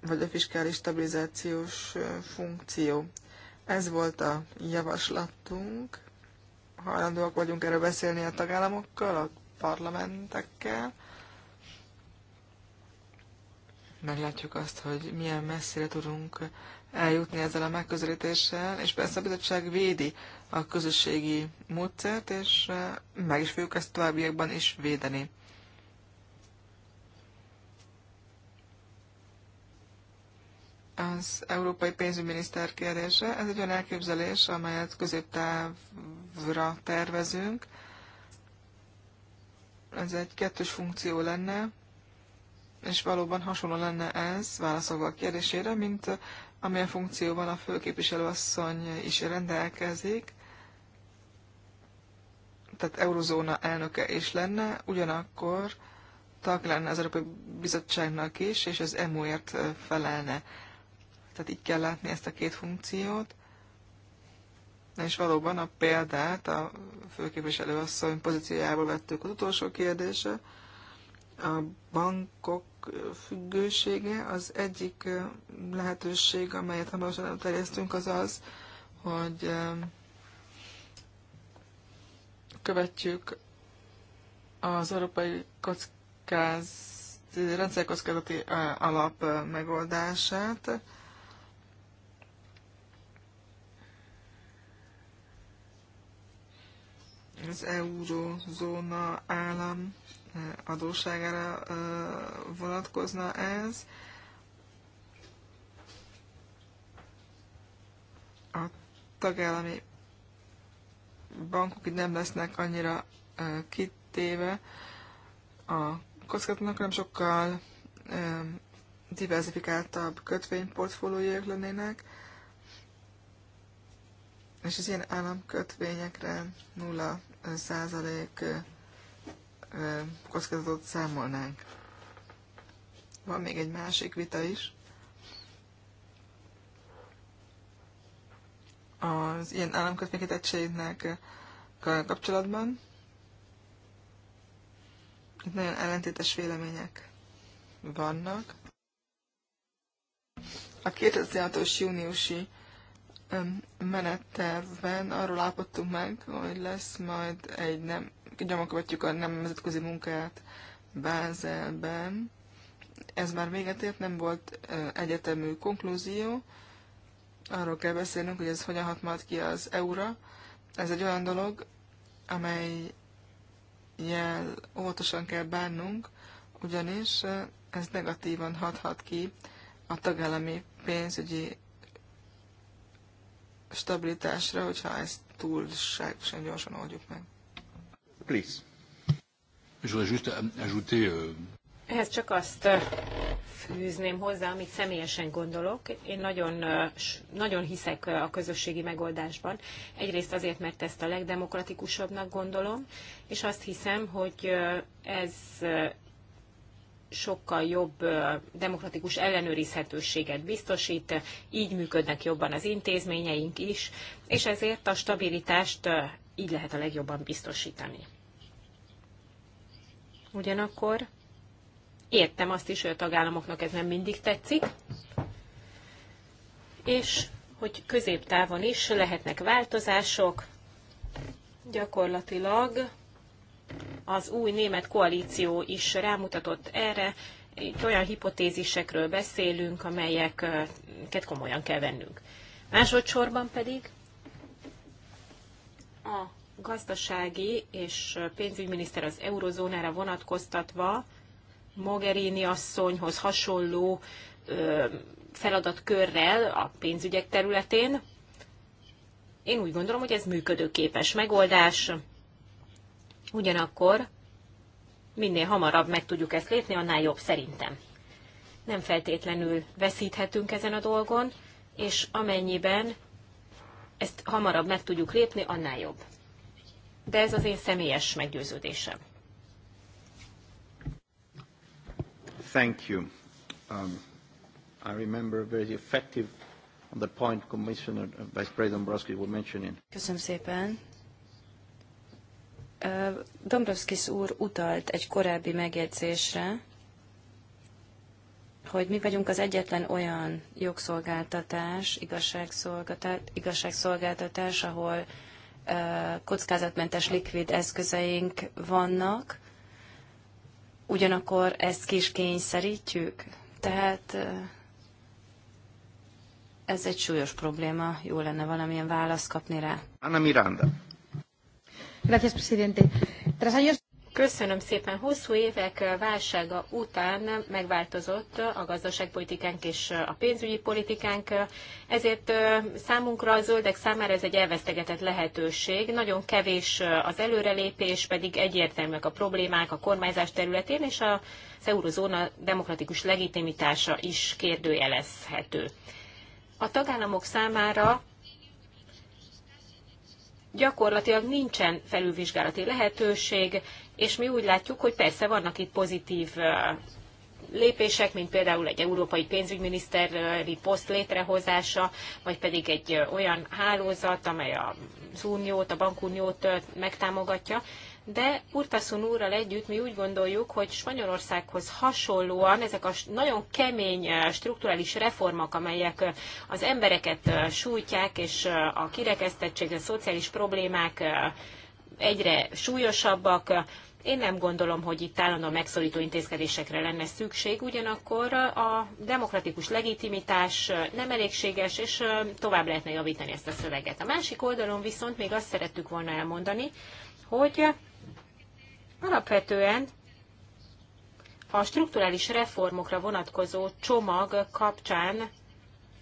vagy a fiskális stabilizációs funkció. Ez volt a javaslatunk. Hajlandóak vagyunk erről beszélni a tagállamokkal, a parlamentekkel. Meglátjuk azt, hogy milyen messzire tudunk eljutni ezzel a megközelítéssel, és persze a bizottság védi a közösségi módszert, és meg is fogjuk ezt továbbiakban is védeni. az európai pénzügyminiszter kérdése. Ez egy olyan elképzelés, amelyet középtávra tervezünk. Ez egy kettős funkció lenne, és valóban hasonló lenne ez, válaszolva a kérdésére, mint amilyen funkcióban a főképviselőasszony is rendelkezik, tehát eurozóna elnöke is lenne, ugyanakkor tag lenne az Európai Bizottságnak is, és az EMU-ért felelne. Tehát így kell látni ezt a két funkciót. És valóban a példát a asszony pozíciójából vettük az utolsó kérdése. A bankok függősége az egyik lehetőség, amelyet hamarosan elterjesztünk, az az, hogy követjük az európai kockáz, rendszerkockázati alap megoldását. az eurozóna állam eh, adósságára eh, vonatkozna ez. A tagállami bankok nem lesznek annyira eh, kitéve a kockázatnak, hanem sokkal diversifikáltabb kötvényportfóliójuk lennének és az ilyen államkötvényekre 0 százalék kockázatot számolnánk. Van még egy másik vita is. Az ilyen államkötvényeket kapcsolatban. Itt nagyon ellentétes vélemények vannak. A 2006-os júniusi menettervben arról állapodtunk meg, hogy lesz majd egy nem, nyomon a nem nemzetközi munkát Bázelben. Ez már véget ért, nem volt egyetemű konklúzió. Arról kell beszélnünk, hogy ez hogyan hat majd ki az EU-ra. Ez egy olyan dolog, amely jel óvatosan kell bánnunk, ugyanis ez negatívan hathat ki a tagállami pénzügyi stabilitásra, hogyha ezt túlságosan gyorsan oldjuk meg. Please. Euh, Ehhez csak azt euh, fűzném hozzá, amit személyesen gondolok. Én nagyon, euh, nagyon hiszek a közösségi megoldásban. Egyrészt azért, mert ezt a legdemokratikusabbnak gondolom, és azt hiszem, hogy ez sokkal jobb demokratikus ellenőrizhetőséget biztosít, így működnek jobban az intézményeink is, és ezért a stabilitást így lehet a legjobban biztosítani. Ugyanakkor értem azt is, hogy a tagállamoknak ez nem mindig tetszik, és hogy középtávon is lehetnek változások, gyakorlatilag az új német koalíció is rámutatott erre. Itt olyan hipotézisekről beszélünk, amelyeket komolyan kell vennünk. Másodszorban pedig a gazdasági és pénzügyminiszter az eurozónára vonatkoztatva Mogherini asszonyhoz hasonló feladatkörrel a pénzügyek területén. Én úgy gondolom, hogy ez működőképes megoldás, Ugyanakkor minél hamarabb meg tudjuk ezt lépni, annál jobb szerintem. Nem feltétlenül veszíthetünk ezen a dolgon, és amennyiben ezt hamarabb meg tudjuk lépni, annál jobb. De ez az én személyes meggyőződésem. Thank you. Um, I remember very effective on the point Commissioner uh, Vice President Brodsky was mentioning. Köszönöm szépen. Dombrovskis úr utalt egy korábbi megjegyzésre, hogy mi vagyunk az egyetlen olyan jogszolgáltatás, igazságszolgáltatás, igazságszolgáltatás ahol kockázatmentes likvid eszközeink vannak, ugyanakkor ezt ki is kényszerítjük. Tehát ez egy súlyos probléma, jó lenne valamilyen választ kapni rá. Anna Miranda. Köszönöm szépen. Hosszú évek válsága után megváltozott a gazdaságpolitikánk és a pénzügyi politikánk, ezért számunkra a zöldek számára ez egy elvesztegetett lehetőség. Nagyon kevés az előrelépés, pedig egyértelműek a problémák a kormányzás területén, és az eurozóna demokratikus legitimitása is kérdőjelezhető. A tagállamok számára gyakorlatilag nincsen felülvizsgálati lehetőség, és mi úgy látjuk, hogy persze vannak itt pozitív lépések, mint például egy európai pénzügyminiszteri poszt létrehozása, vagy pedig egy olyan hálózat, amely az uniót, a bankuniót megtámogatja de Urtasun úrral együtt mi úgy gondoljuk, hogy Spanyolországhoz hasonlóan ezek a nagyon kemény strukturális reformok, amelyek az embereket sújtják, és a kirekesztettség, a szociális problémák egyre súlyosabbak, én nem gondolom, hogy itt állandó megszorító intézkedésekre lenne szükség, ugyanakkor a demokratikus legitimitás nem elégséges, és tovább lehetne javítani ezt a szöveget. A másik oldalon viszont még azt szerettük volna elmondani, hogy Alapvetően a strukturális reformokra vonatkozó csomag kapcsán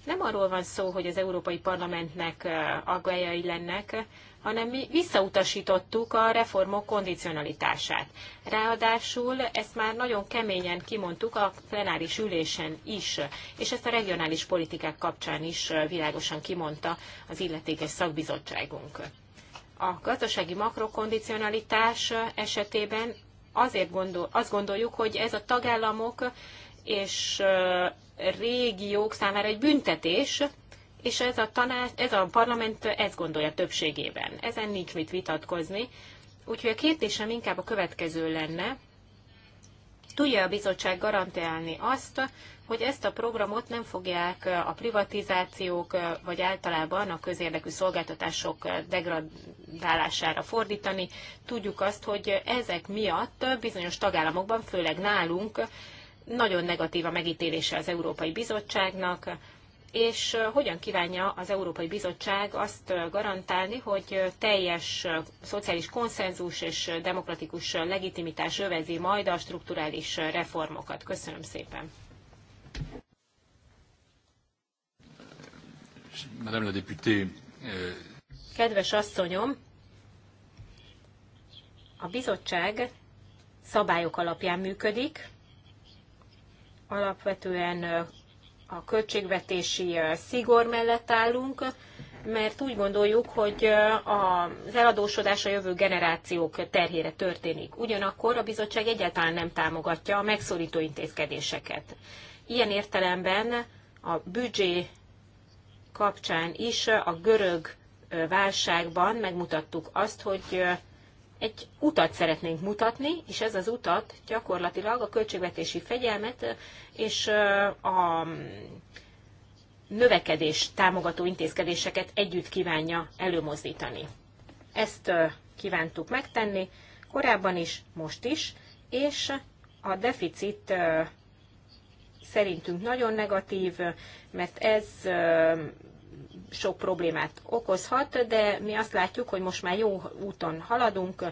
nem arról van szó, hogy az Európai Parlamentnek aggájai lennek, hanem mi visszautasítottuk a reformok kondicionalitását. Ráadásul ezt már nagyon keményen kimondtuk a plenáris ülésen is, és ezt a regionális politikák kapcsán is világosan kimondta az illetékes szakbizottságunk a gazdasági makrokondicionalitás esetében azért gondol, azt gondoljuk, hogy ez a tagállamok és régiók számára egy büntetés, és ez a, tanács, ez a parlament ezt gondolja többségében. Ezen nincs mit vitatkozni. Úgyhogy a kérdésem inkább a következő lenne. Tudja a bizottság garantálni azt, hogy ezt a programot nem fogják a privatizációk, vagy általában a közérdekű szolgáltatások degradálására fordítani. Tudjuk azt, hogy ezek miatt bizonyos tagállamokban, főleg nálunk, nagyon negatív a megítélése az Európai Bizottságnak, és hogyan kívánja az Európai Bizottság azt garantálni, hogy teljes szociális konszenzus és demokratikus legitimitás övezi majd a strukturális reformokat. Köszönöm szépen! Madame la députée. Euh, Kedves asszonyom, a bizottság szabályok alapján működik, alapvetően uh, a költségvetési uh, szigor mellett állunk, mert úgy gondoljuk, hogy uh, az eladósodás a jövő generációk terhére történik. Ugyanakkor a bizottság egyáltalán nem támogatja a megszorító intézkedéseket. Ilyen értelemben a büdzsé kapcsán is a görög válságban megmutattuk azt, hogy egy utat szeretnénk mutatni, és ez az utat gyakorlatilag a költségvetési fegyelmet és a mm, növekedés támogató intézkedéseket együtt kívánja előmozdítani. Ezt kívántuk megtenni korábban is, most is, és a deficit szerintünk nagyon negatív, mert ez sok problémát okozhat, de mi azt látjuk, hogy most már jó úton haladunk,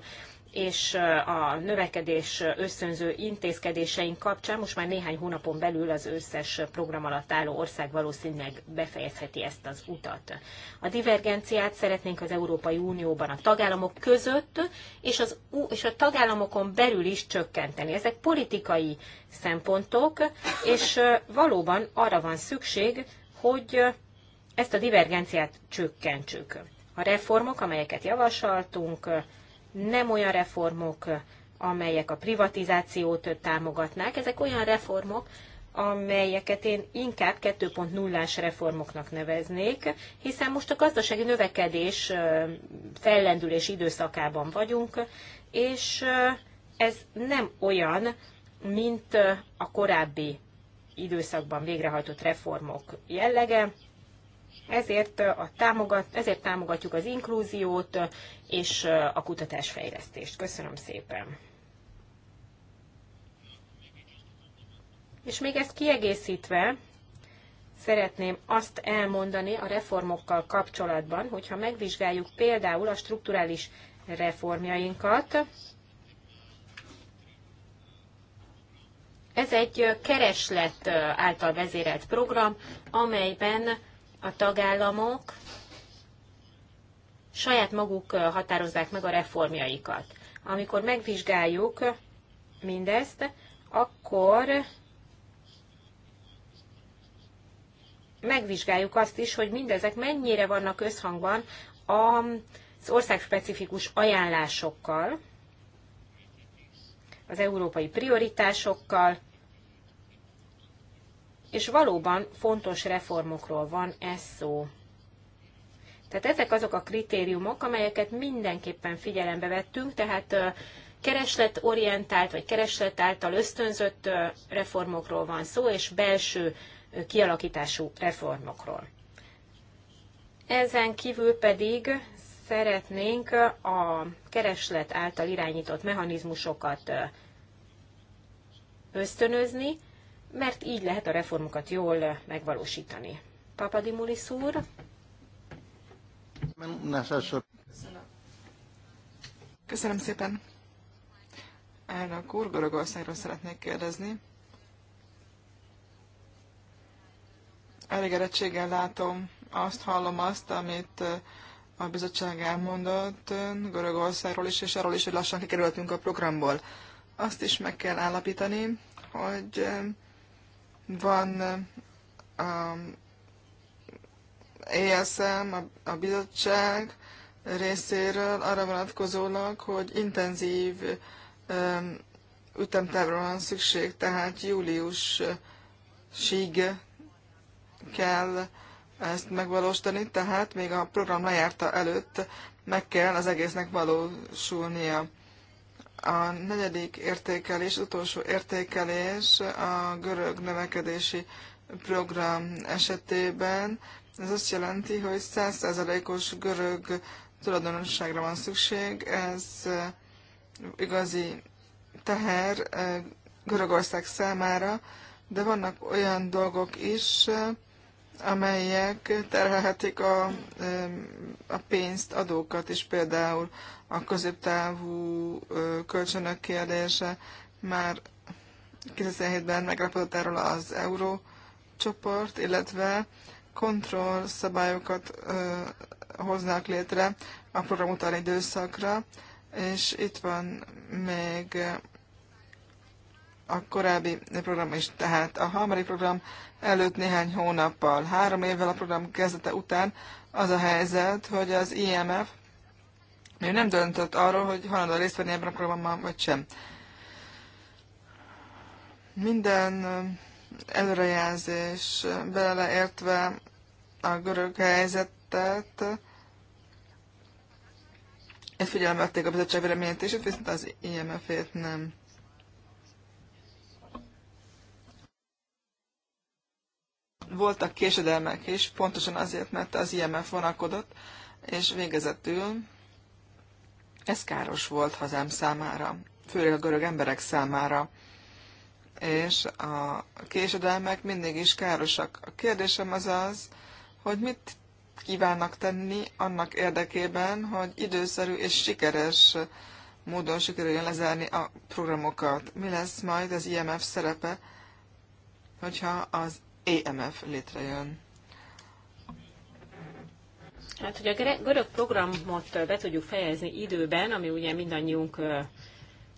és a növekedés ösztönző intézkedéseink kapcsán most már néhány hónapon belül az összes program alatt álló ország valószínűleg befejezheti ezt az utat. A divergenciát szeretnénk az Európai Unióban a tagállamok között és, az, és a tagállamokon belül is csökkenteni. Ezek politikai szempontok, és valóban arra van szükség, hogy ezt a divergenciát csökkentsük. A reformok, amelyeket javasoltunk, nem olyan reformok, amelyek a privatizációt támogatnák, ezek olyan reformok, amelyeket én inkább 2.0-ás reformoknak neveznék, hiszen most a gazdasági növekedés fellendülés időszakában vagyunk, és ez nem olyan, mint a korábbi időszakban végrehajtott reformok jellege, ezért, a támogat, ezért támogatjuk az inkluziót és a kutatásfejlesztést. Köszönöm szépen! És még ezt kiegészítve, szeretném azt elmondani a reformokkal kapcsolatban, hogyha megvizsgáljuk például a strukturális reformjainkat, ez egy kereslet által vezérelt program, amelyben a tagállamok saját maguk határozzák meg a reformjaikat. Amikor megvizsgáljuk mindezt, akkor megvizsgáljuk azt is, hogy mindezek mennyire vannak összhangban az országspecifikus ajánlásokkal, az európai prioritásokkal, és valóban fontos reformokról van ez szó. Tehát ezek azok a kritériumok, amelyeket mindenképpen figyelembe vettünk, tehát keresletorientált vagy kereslet által ösztönzött reformokról van szó, és belső kialakítású reformokról. Ezen kívül pedig szeretnénk a kereslet által irányított mechanizmusokat ösztönözni, mert így lehet a reformokat jól megvalósítani. Papadimulis úr. Köszönöm. Köszönöm szépen. Elnök úr, Görögországról szeretnék kérdezni. Elégedettséggel látom, azt hallom azt, amit a bizottság elmondott Görögországról is, és arról is, hogy lassan kikerültünk a programból. Azt is meg kell állapítani, hogy van um, a ESM, a, a bizottság részéről arra vonatkozólag, hogy intenzív um, ütemtávra van szükség, tehát júliusig kell ezt megvalósítani, tehát még a program lejárta előtt meg kell az egésznek valósulnia. A negyedik értékelés, utolsó értékelés a görög növekedési program esetében. Ez azt jelenti, hogy 100%-os görög tulajdonosságra van szükség. Ez eh, igazi teher eh, Görögország számára, de vannak olyan dolgok is, eh, amelyek terhelhetik a, a pénzt, adókat is, például a középtávú kölcsönök kérdése. Már 2007-ben megrapodott erről az euró csoport, illetve kontroll szabályokat hoznak létre a program utáni időszakra, és itt van még a korábbi program is. Tehát a harmadik program előtt néhány hónappal, három évvel a program kezdete után az a helyzet, hogy az IMF még nem döntött arról, hogy halandó részt venni ebben a programban, vagy sem. Minden um, előrejelzés beleértve a görög helyzetet, ezt figyelembe vették a bizottság véleményét, és viszont az IMF-ét nem. voltak késedelmek is, pontosan azért, mert az IMF vonakodott, és végezetül ez káros volt hazám számára, főleg a görög emberek számára, és a késedelmek mindig is károsak. A kérdésem az az, hogy mit kívánnak tenni annak érdekében, hogy időszerű és sikeres módon sikerüljön lezárni a programokat. Mi lesz majd az IMF szerepe, hogyha az EMF létrejön. Hát, hogy a görög programot be tudjuk fejezni időben, ami ugye mindannyiunk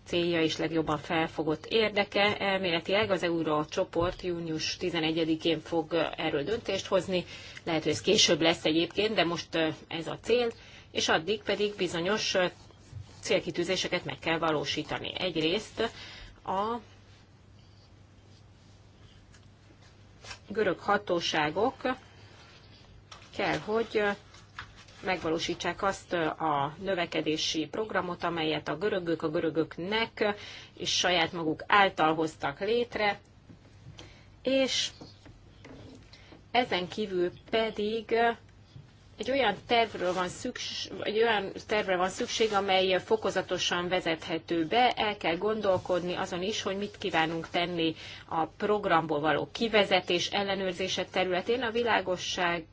célja és legjobban felfogott érdeke. Elméletileg az Euró csoport június 11-én fog erről döntést hozni. Lehet, hogy ez később lesz egyébként, de most ez a cél. És addig pedig bizonyos célkitűzéseket meg kell valósítani. Egyrészt a görög hatóságok kell, hogy megvalósítsák azt a növekedési programot, amelyet a görögök a görögöknek és saját maguk által hoztak létre, és ezen kívül pedig egy olyan tervről van szükség, egy olyan tervre van szükség, amely fokozatosan vezethető be. El kell gondolkodni azon is, hogy mit kívánunk tenni a programból való kivezetés, ellenőrzése területén. A világosság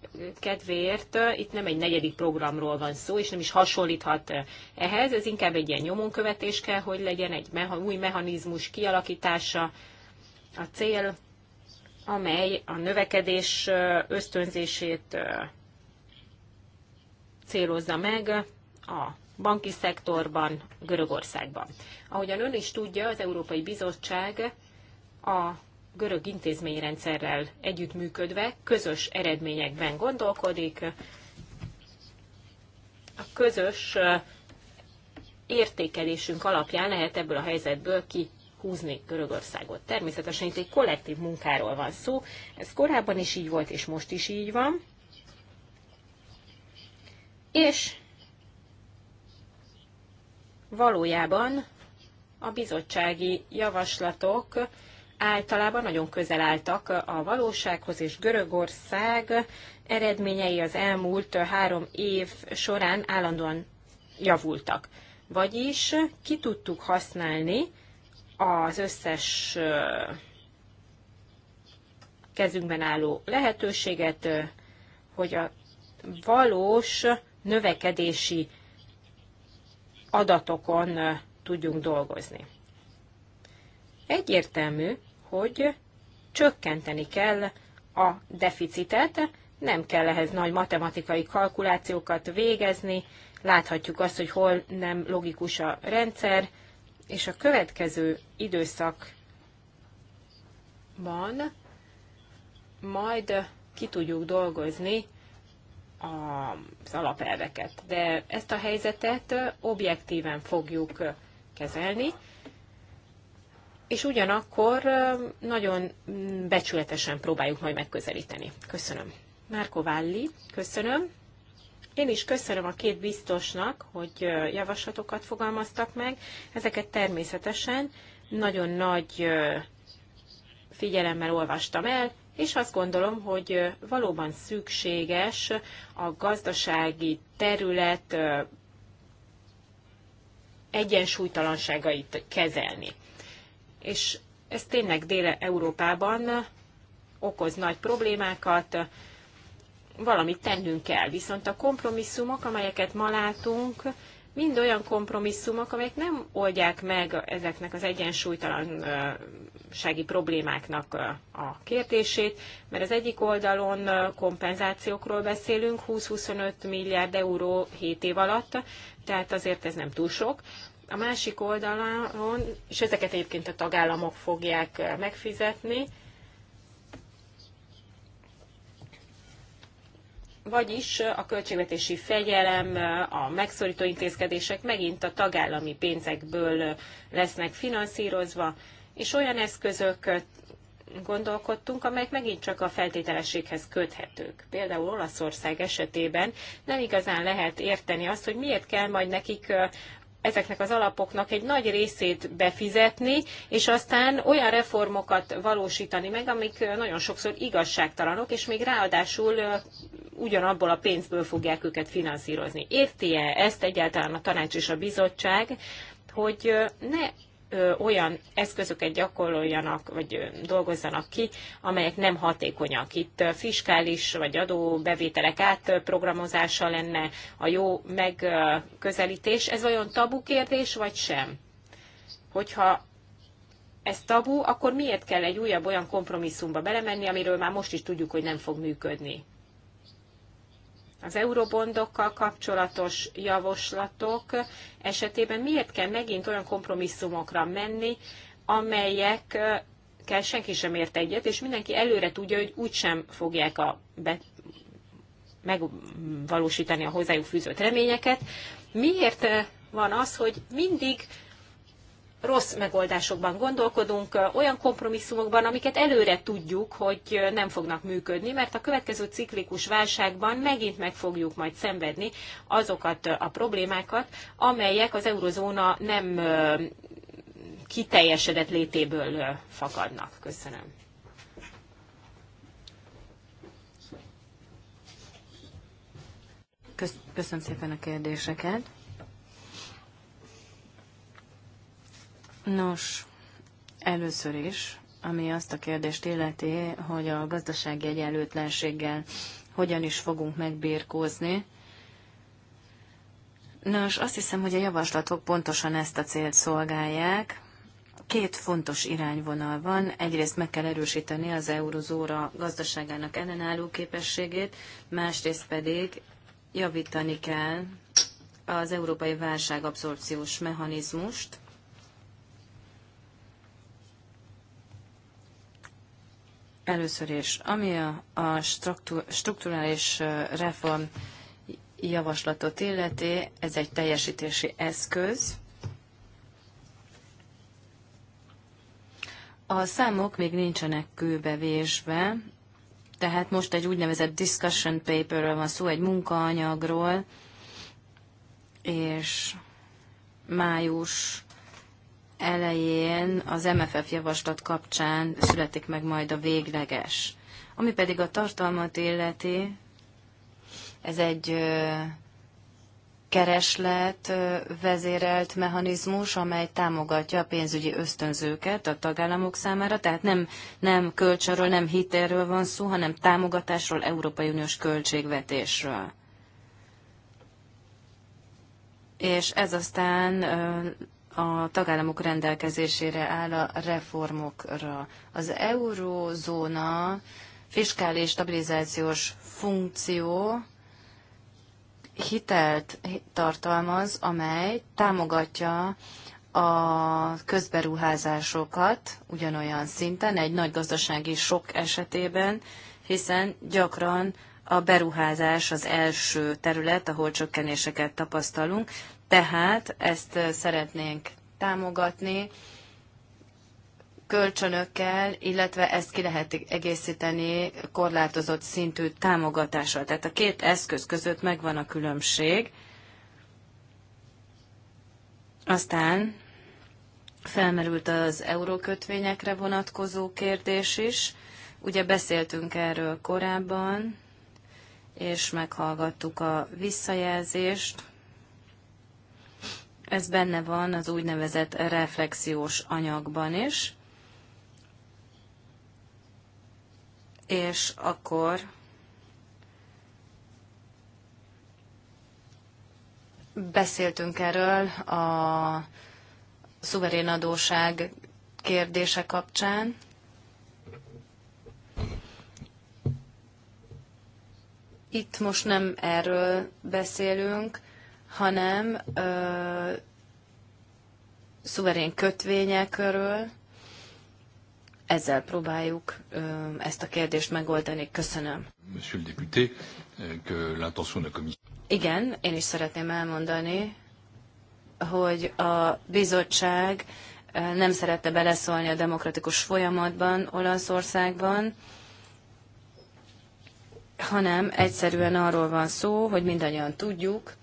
kedvéért uh, itt nem egy negyedik programról van szó, és nem is hasonlíthat uh, ehhez. Ez inkább egy ilyen nyomonkövetés kell, hogy legyen egy meha, új mechanizmus kialakítása. A cél, amely a növekedés uh, ösztönzését célozza meg a banki szektorban, Görögországban. Ahogyan ön is tudja, az Európai Bizottság a görög intézményrendszerrel együttműködve közös eredményekben gondolkodik. A közös értékelésünk alapján lehet ebből a helyzetből kihúzni Görögországot. Természetesen itt egy kollektív munkáról van szó. Ez korábban is így volt, és most is így van és valójában a bizottsági javaslatok általában nagyon közel álltak a valósághoz, és Görögország eredményei az elmúlt három év során állandóan javultak. Vagyis ki tudtuk használni az összes kezünkben álló lehetőséget, hogy a valós növekedési adatokon tudjunk dolgozni. Egyértelmű, hogy csökkenteni kell a deficitet, nem kell ehhez nagy matematikai kalkulációkat végezni, láthatjuk azt, hogy hol nem logikus a rendszer, és a következő időszakban majd ki tudjuk dolgozni az alapelveket. De ezt a helyzetet objektíven fogjuk kezelni, és ugyanakkor nagyon becsületesen próbáljuk majd megközelíteni. Köszönöm. Márko Válli, köszönöm. Én is köszönöm a két biztosnak, hogy javaslatokat fogalmaztak meg. Ezeket természetesen nagyon nagy figyelemmel olvastam el, és azt gondolom, hogy valóban szükséges a gazdasági terület egyensúlytalanságait kezelni. És ez tényleg Dél-Európában okoz nagy problémákat, valamit tennünk kell. Viszont a kompromisszumok, amelyeket ma látunk, mind olyan kompromisszumok, amelyek nem oldják meg ezeknek az egyensúlytalansági problémáknak a kérdését, mert az egyik oldalon kompenzációkról beszélünk, 20-25 milliárd euró 7 év alatt, tehát azért ez nem túl sok. A másik oldalon, és ezeket egyébként a tagállamok fogják megfizetni, vagyis a költségvetési fegyelem, a megszorító intézkedések megint a tagállami pénzekből lesznek finanszírozva, és olyan eszközök gondolkodtunk, amelyek megint csak a feltételességhez köthetők. Például Olaszország esetében nem igazán lehet érteni azt, hogy miért kell majd nekik ezeknek az alapoknak egy nagy részét befizetni, és aztán olyan reformokat valósítani meg, amik nagyon sokszor igazságtalanok, és még ráadásul ugyanabból a pénzből fogják őket finanszírozni. Érti-e ezt egyáltalán a tanács és a bizottság, hogy ne olyan eszközöket gyakoroljanak, vagy dolgozzanak ki, amelyek nem hatékonyak. Itt fiskális vagy adóbevételek átprogramozása lenne a jó megközelítés. Ez olyan tabu kérdés, vagy sem? Hogyha ez tabu, akkor miért kell egy újabb olyan kompromisszumba belemenni, amiről már most is tudjuk, hogy nem fog működni? az eurobondokkal kapcsolatos javaslatok esetében miért kell megint olyan kompromisszumokra menni, amelyek kell senki sem ért egyet, és mindenki előre tudja, hogy úgysem fogják a be, megvalósítani a hozzájuk fűzött reményeket. Miért van az, hogy mindig rossz megoldásokban gondolkodunk, olyan kompromisszumokban, amiket előre tudjuk, hogy nem fognak működni, mert a következő ciklikus válságban megint meg fogjuk majd szenvedni azokat a problémákat, amelyek az eurozóna nem kiteljesedett létéből fakadnak. Köszönöm. Köszönöm szépen a kérdéseket. Nos, először is, ami azt a kérdést illeti, hogy a gazdasági egyenlőtlenséggel hogyan is fogunk megbírkózni. Nos, azt hiszem, hogy a javaslatok pontosan ezt a célt szolgálják. Két fontos irányvonal van. Egyrészt meg kell erősíteni az eurozóra gazdaságának ellenálló képességét, másrészt pedig javítani kell az európai válságabszorpciós mechanizmust, Először is, ami a, a strukturális reform javaslatot illeti, ez egy teljesítési eszköz. A számok még nincsenek kőbevésve, tehát most egy úgynevezett discussion paperről van szó, egy munkaanyagról, és május elején az MFF javaslat kapcsán születik meg majd a végleges. Ami pedig a tartalmat illeti, ez egy kereslet vezérelt mechanizmus, amely támogatja a pénzügyi ösztönzőket a tagállamok számára, tehát nem, nem kölcsönről, nem hitelről van szó, hanem támogatásról, Európai Uniós költségvetésről. És ez aztán a tagállamok rendelkezésére áll a reformokra. Az eurózóna fiskális stabilizációs funkció hitelt tartalmaz, amely támogatja a közberuházásokat ugyanolyan szinten, egy nagy gazdasági sok esetében, hiszen gyakran a beruházás az első terület, ahol csökkenéseket tapasztalunk, tehát ezt szeretnénk támogatni kölcsönökkel, illetve ezt ki lehet egészíteni korlátozott szintű támogatással. Tehát a két eszköz között megvan a különbség. Aztán felmerült az eurókötvényekre vonatkozó kérdés is. Ugye beszéltünk erről korábban, és meghallgattuk a visszajelzést. Ez benne van az úgynevezett reflexiós anyagban is. És akkor beszéltünk erről a szuverén adóság kérdése kapcsán, Itt most nem erről beszélünk, hanem ö, szuverén kötvényekről. Ezzel próbáljuk ö, ezt a kérdést megoldani. Köszönöm. Monsieur le député, euh, que l'intention de la commission... Igen, én is szeretném elmondani, hogy a bizottság nem szerette beleszólni a demokratikus folyamatban Olaszországban, hanem egyszerűen arról van szó, hogy mindannyian tudjuk,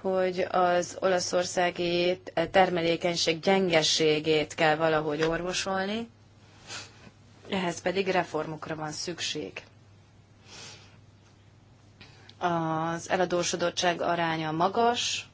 hogy az olaszországi eh, termelékenység gyengeségét kell valahogy orvosolni, ehhez pedig reformokra van szükség. Az eladósodottság aránya magas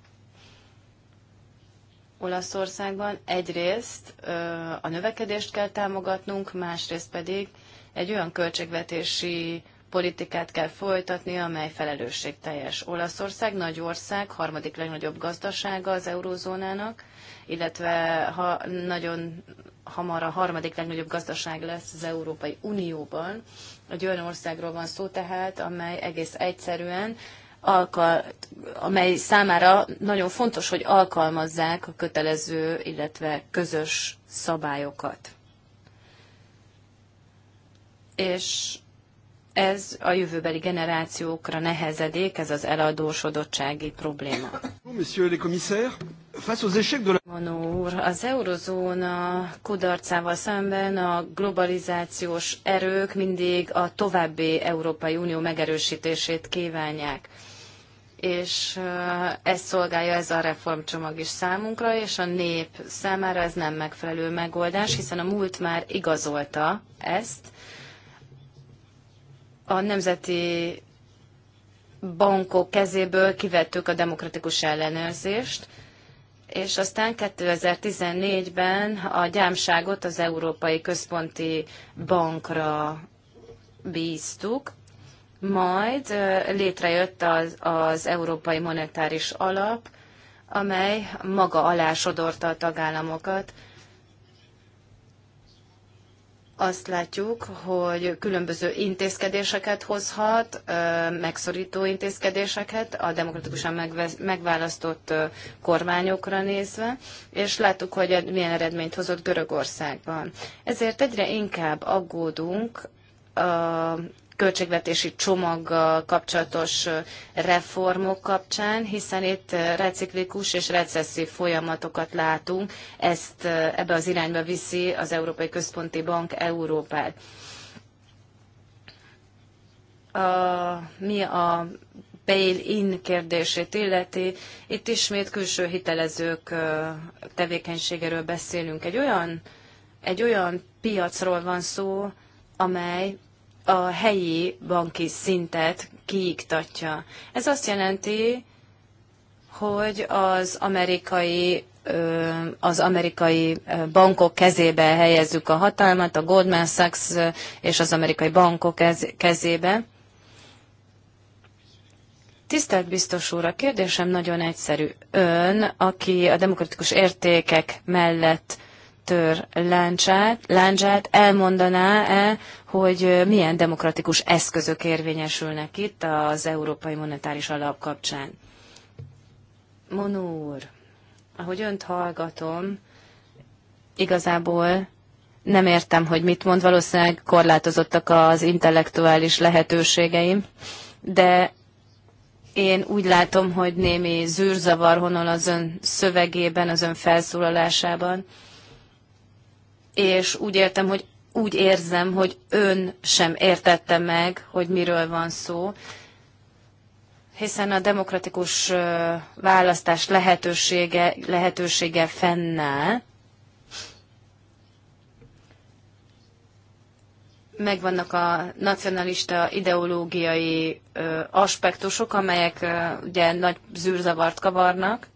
Olaszországban. Egyrészt eh, a növekedést kell támogatnunk, másrészt pedig egy olyan költségvetési politikát kell folytatni, amely felelősségteljes. Olaszország nagy ország, harmadik legnagyobb gazdasága az eurózónának, illetve ha nagyon hamar a harmadik legnagyobb gazdaság lesz az Európai Unióban. Egy olyan országról van szó tehát, amely egész egyszerűen alkal, amely számára nagyon fontos, hogy alkalmazzák a kötelező, illetve közös szabályokat és ez a jövőbeli generációkra nehezedik, ez az eladósodottsági probléma. Manó úr, az eurozóna kudarcával szemben a globalizációs erők mindig a további Európai Unió megerősítését kívánják és ez szolgálja ez a reformcsomag is számunkra, és a nép számára ez nem megfelelő megoldás, hiszen a múlt már igazolta ezt, a nemzeti bankok kezéből kivettük a demokratikus ellenőrzést, és aztán 2014-ben a gyámságot az Európai Központi Bankra bíztuk, majd létrejött az, az Európai Monetáris Alap, amely maga alá sodorta a tagállamokat, azt látjuk, hogy különböző intézkedéseket hozhat, megszorító intézkedéseket a demokratikusan megválasztott kormányokra nézve, és láttuk, hogy milyen eredményt hozott Görögországban. Ezért egyre inkább aggódunk a költségvetési csomag kapcsolatos reformok kapcsán, hiszen itt reciklikus és recesszív folyamatokat látunk, ezt ebbe az irányba viszi az Európai Központi Bank Európát. A, mi a bail-in kérdését illeti, itt ismét külső hitelezők tevékenységéről beszélünk. Egy olyan, egy olyan piacról van szó, amely a helyi banki szintet kiiktatja. Ez azt jelenti, hogy az amerikai az amerikai bankok kezébe helyezzük a hatalmat, a Goldman Sachs és az amerikai bankok kezébe. Tisztelt biztos úr, a kérdésem nagyon egyszerű. Ön, aki a demokratikus értékek mellett tör láncsát, láncsát elmondaná-e, hogy milyen demokratikus eszközök érvényesülnek itt az Európai Monetáris Alap kapcsán. Monúr, ahogy önt hallgatom, igazából nem értem, hogy mit mond, valószínűleg korlátozottak az intellektuális lehetőségeim, de én úgy látom, hogy némi zűrzavar honol az ön szövegében, az ön felszólalásában és úgy értem, hogy úgy érzem, hogy ön sem értette meg, hogy miről van szó, hiszen a demokratikus választás lehetősége, lehetősége fennáll. Megvannak a nacionalista ideológiai aspektusok, amelyek ugye nagy zűrzavart kavarnak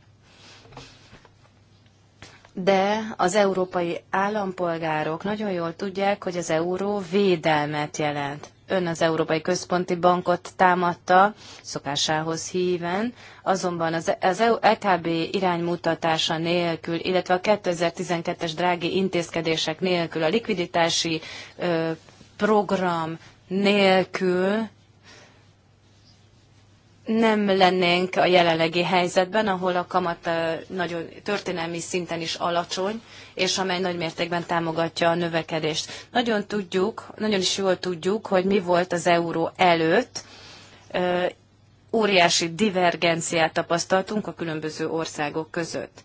de az európai állampolgárok nagyon jól tudják, hogy az euró védelmet jelent. Ön az Európai Központi Bankot támadta, szokásához híven, azonban az, az EKB e iránymutatása nélkül, illetve a 2012-es drági intézkedések nélkül, a likviditási ö, program nélkül nem lennénk a jelenlegi helyzetben, ahol a kamat nagyon történelmi szinten is alacsony, és amely nagy mértékben támogatja a növekedést. Nagyon tudjuk, nagyon is jól tudjuk, hogy mi volt az euró előtt. Óriási divergenciát tapasztaltunk a különböző országok között.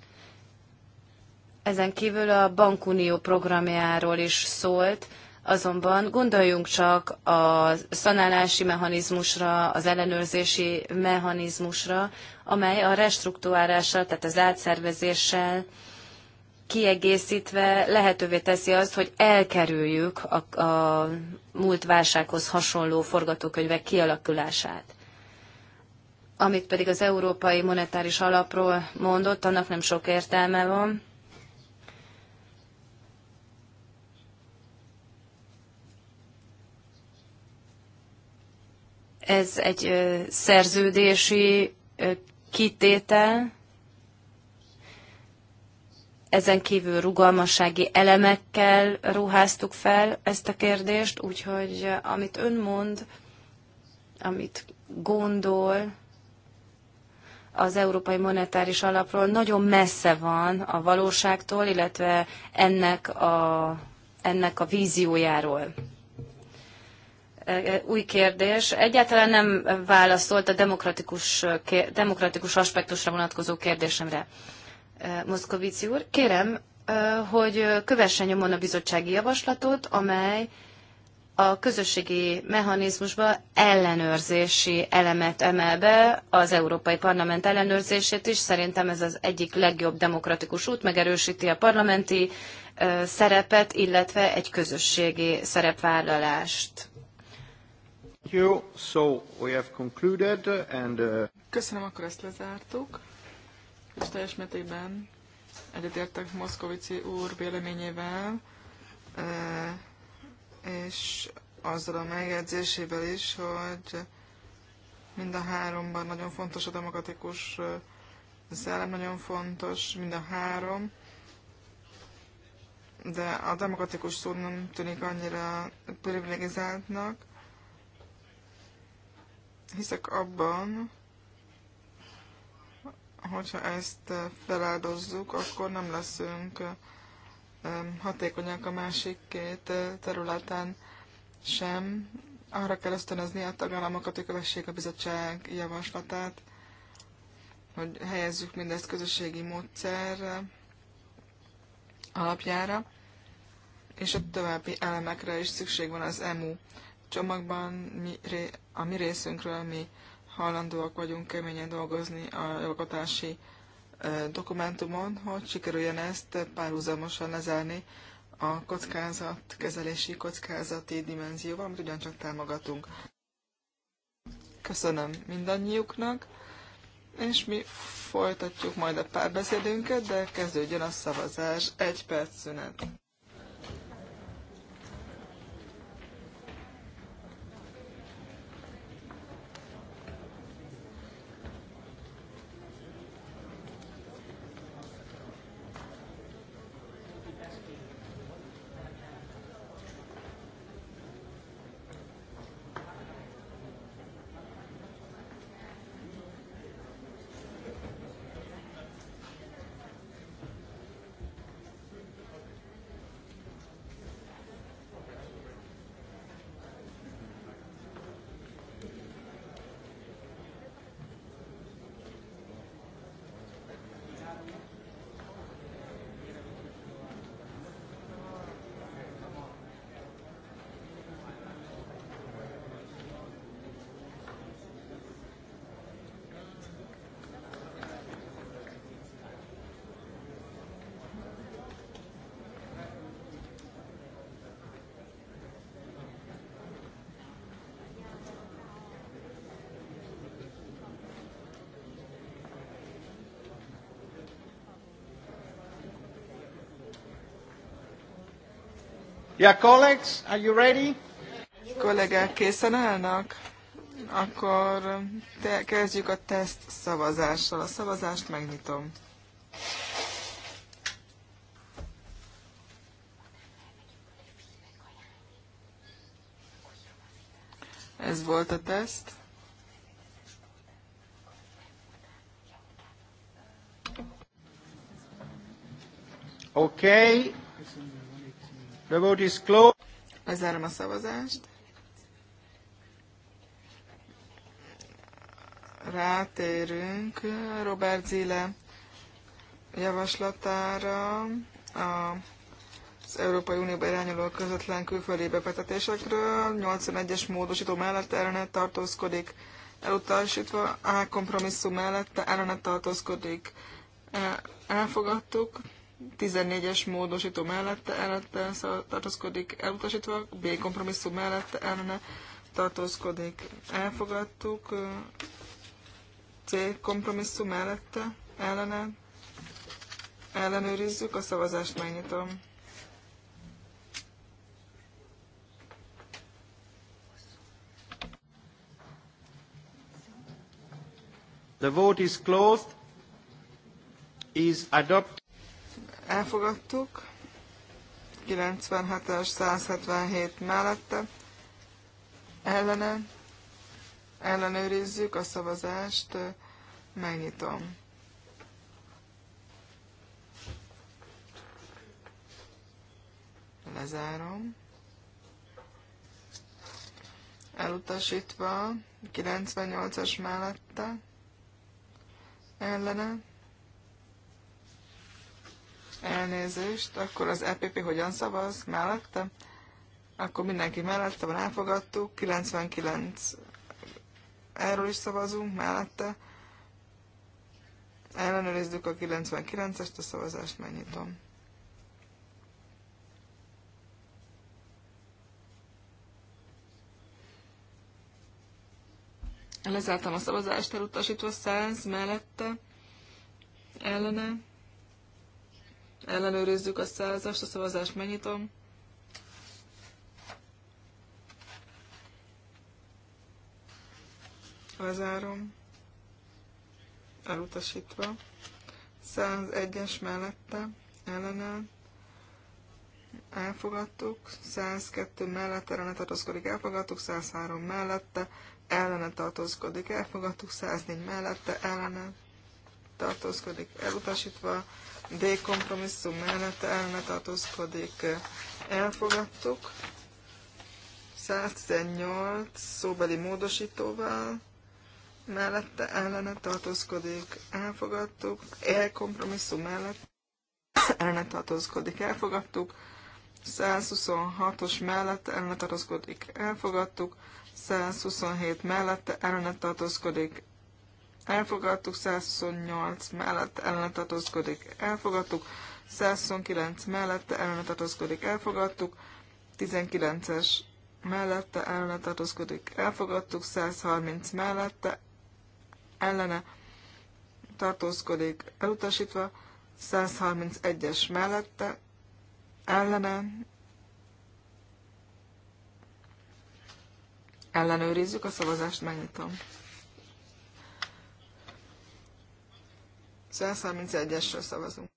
Ezen kívül a bankunió programjáról is szólt, Azonban gondoljunk csak a szanálási mechanizmusra, az ellenőrzési mechanizmusra, amely a restruktúrálással, tehát az átszervezéssel kiegészítve lehetővé teszi azt, hogy elkerüljük a, a múlt válsághoz hasonló forgatókönyvek kialakulását. Amit pedig az Európai Monetáris Alapról mondott, annak nem sok értelme van Ez egy szerződési kitétel, ezen kívül rugalmassági elemekkel ruháztuk fel ezt a kérdést, úgyhogy amit ön mond, amit gondol az Európai Monetáris Alapról, nagyon messze van a valóságtól, illetve ennek a, ennek a víziójáról. E, e, új kérdés. Egyáltalán nem válaszolt a demokratikus, demokratikus aspektusra vonatkozó kérdésemre. E, Moszkovici úr, kérem, hogy kövessen nyomon a bizottsági javaslatot, amely a közösségi mechanizmusba ellenőrzési elemet emel be, az Európai Parlament ellenőrzését is. Szerintem ez az egyik legjobb demokratikus út, megerősíti a parlamenti szerepet, illetve egy közösségi szerepvállalást you. So we have concluded and... Uh... Köszönöm, akkor ezt lezártuk, és teljes mértékben egyetértek Moszkovici úr véleményével, és azzal a megjegyzésével is, hogy mind a háromban nagyon fontos a demokratikus szellem, nagyon fontos mind a három, de a demokratikus szó nem tűnik annyira privilegizáltnak, hiszek abban, hogyha ezt feláldozzuk, akkor nem leszünk hatékonyak a másik két területen sem. Arra kell ösztönözni a tagállamokat, hogy kövessék a bizottság javaslatát, hogy helyezzük mindezt közösségi módszer alapjára, és a további elemekre is szükség van az EMU csomagban mi, a mi részünkről mi hajlandóak vagyunk keményen dolgozni a jogotási dokumentumon, hogy sikerüljen ezt párhuzamosan lezárni a kockázat, kezelési kockázati dimenzióval, amit ugyancsak támogatunk. Köszönöm mindannyiuknak, és mi folytatjuk majd a párbeszédünket, de kezdődjön a szavazás. Egy perc szünet. Yeah, colleagues, are you ready? Kollégák készen állnak? Akkor te, kezdjük a teszt szavazással. A szavazást megnyitom. Ez volt a teszt. Okay, The vote is closed. Lezárom a szavazást. Rátérünk Robert Zile javaslatára a az Európai Unióba irányuló közvetlen külföldi befektetésekről. 81-es módosító mellett ellene tartózkodik, elutasítva A kompromisszum mellett ellene tartózkodik. E- elfogadtuk. 14-es módosító mellette ellene tartózkodik elutasítva, B kompromisszum mellette ellene tartózkodik elfogadtuk, C kompromisszum mellette ellene ellenőrizzük, a szavazást megnyitom. The vote is closed. Is adopted elfogadtuk. 97-es 177 mellette ellene ellenőrizzük a szavazást, megnyitom. Lezárom. Elutasítva 98-as mellette ellene elnézést, akkor az EPP hogyan szavaz mellette? Akkor mindenki mellette van, elfogadtuk, 99 erről is szavazunk, mellette. Ellenőrizzük a 99-est, a szavazást megnyitom. Lezártam a szavazást, elutasítva 100 mellette, ellene Ellenőrizzük a százast, a szavazást megnyitom. Lezárom. Elutasítva. 101-es mellette, ellenáll. Elfogadtuk. 102 mellette, ellene tartózkodik, elfogadtuk. 103 mellette, ellene tartózkodik, elfogadtuk. 104 mellette, ellene tartózkodik, elutasítva. B kompromisszum mellett elme tartózkodik, elfogadtuk. 118 szóbeli módosítóval mellette ellene tartózkodik, elfogadtuk. E kompromisszum mellett ellene tartózkodik, elfogadtuk. 126-os mellette ellene tartózkodik, elfogadtuk. 127 mellette ellene tartózkodik, elfogadtuk, 128 mellett ellene elfogadtuk, 129 mellette ellene elfogadtuk, 19-es mellette ellene tartózkodik, elfogadtuk, 130 mellette ellene tartózkodik, elutasítva, 131-es mellette ellene ellenőrizzük, a szavazást megnyitom. 131-esről szavazunk.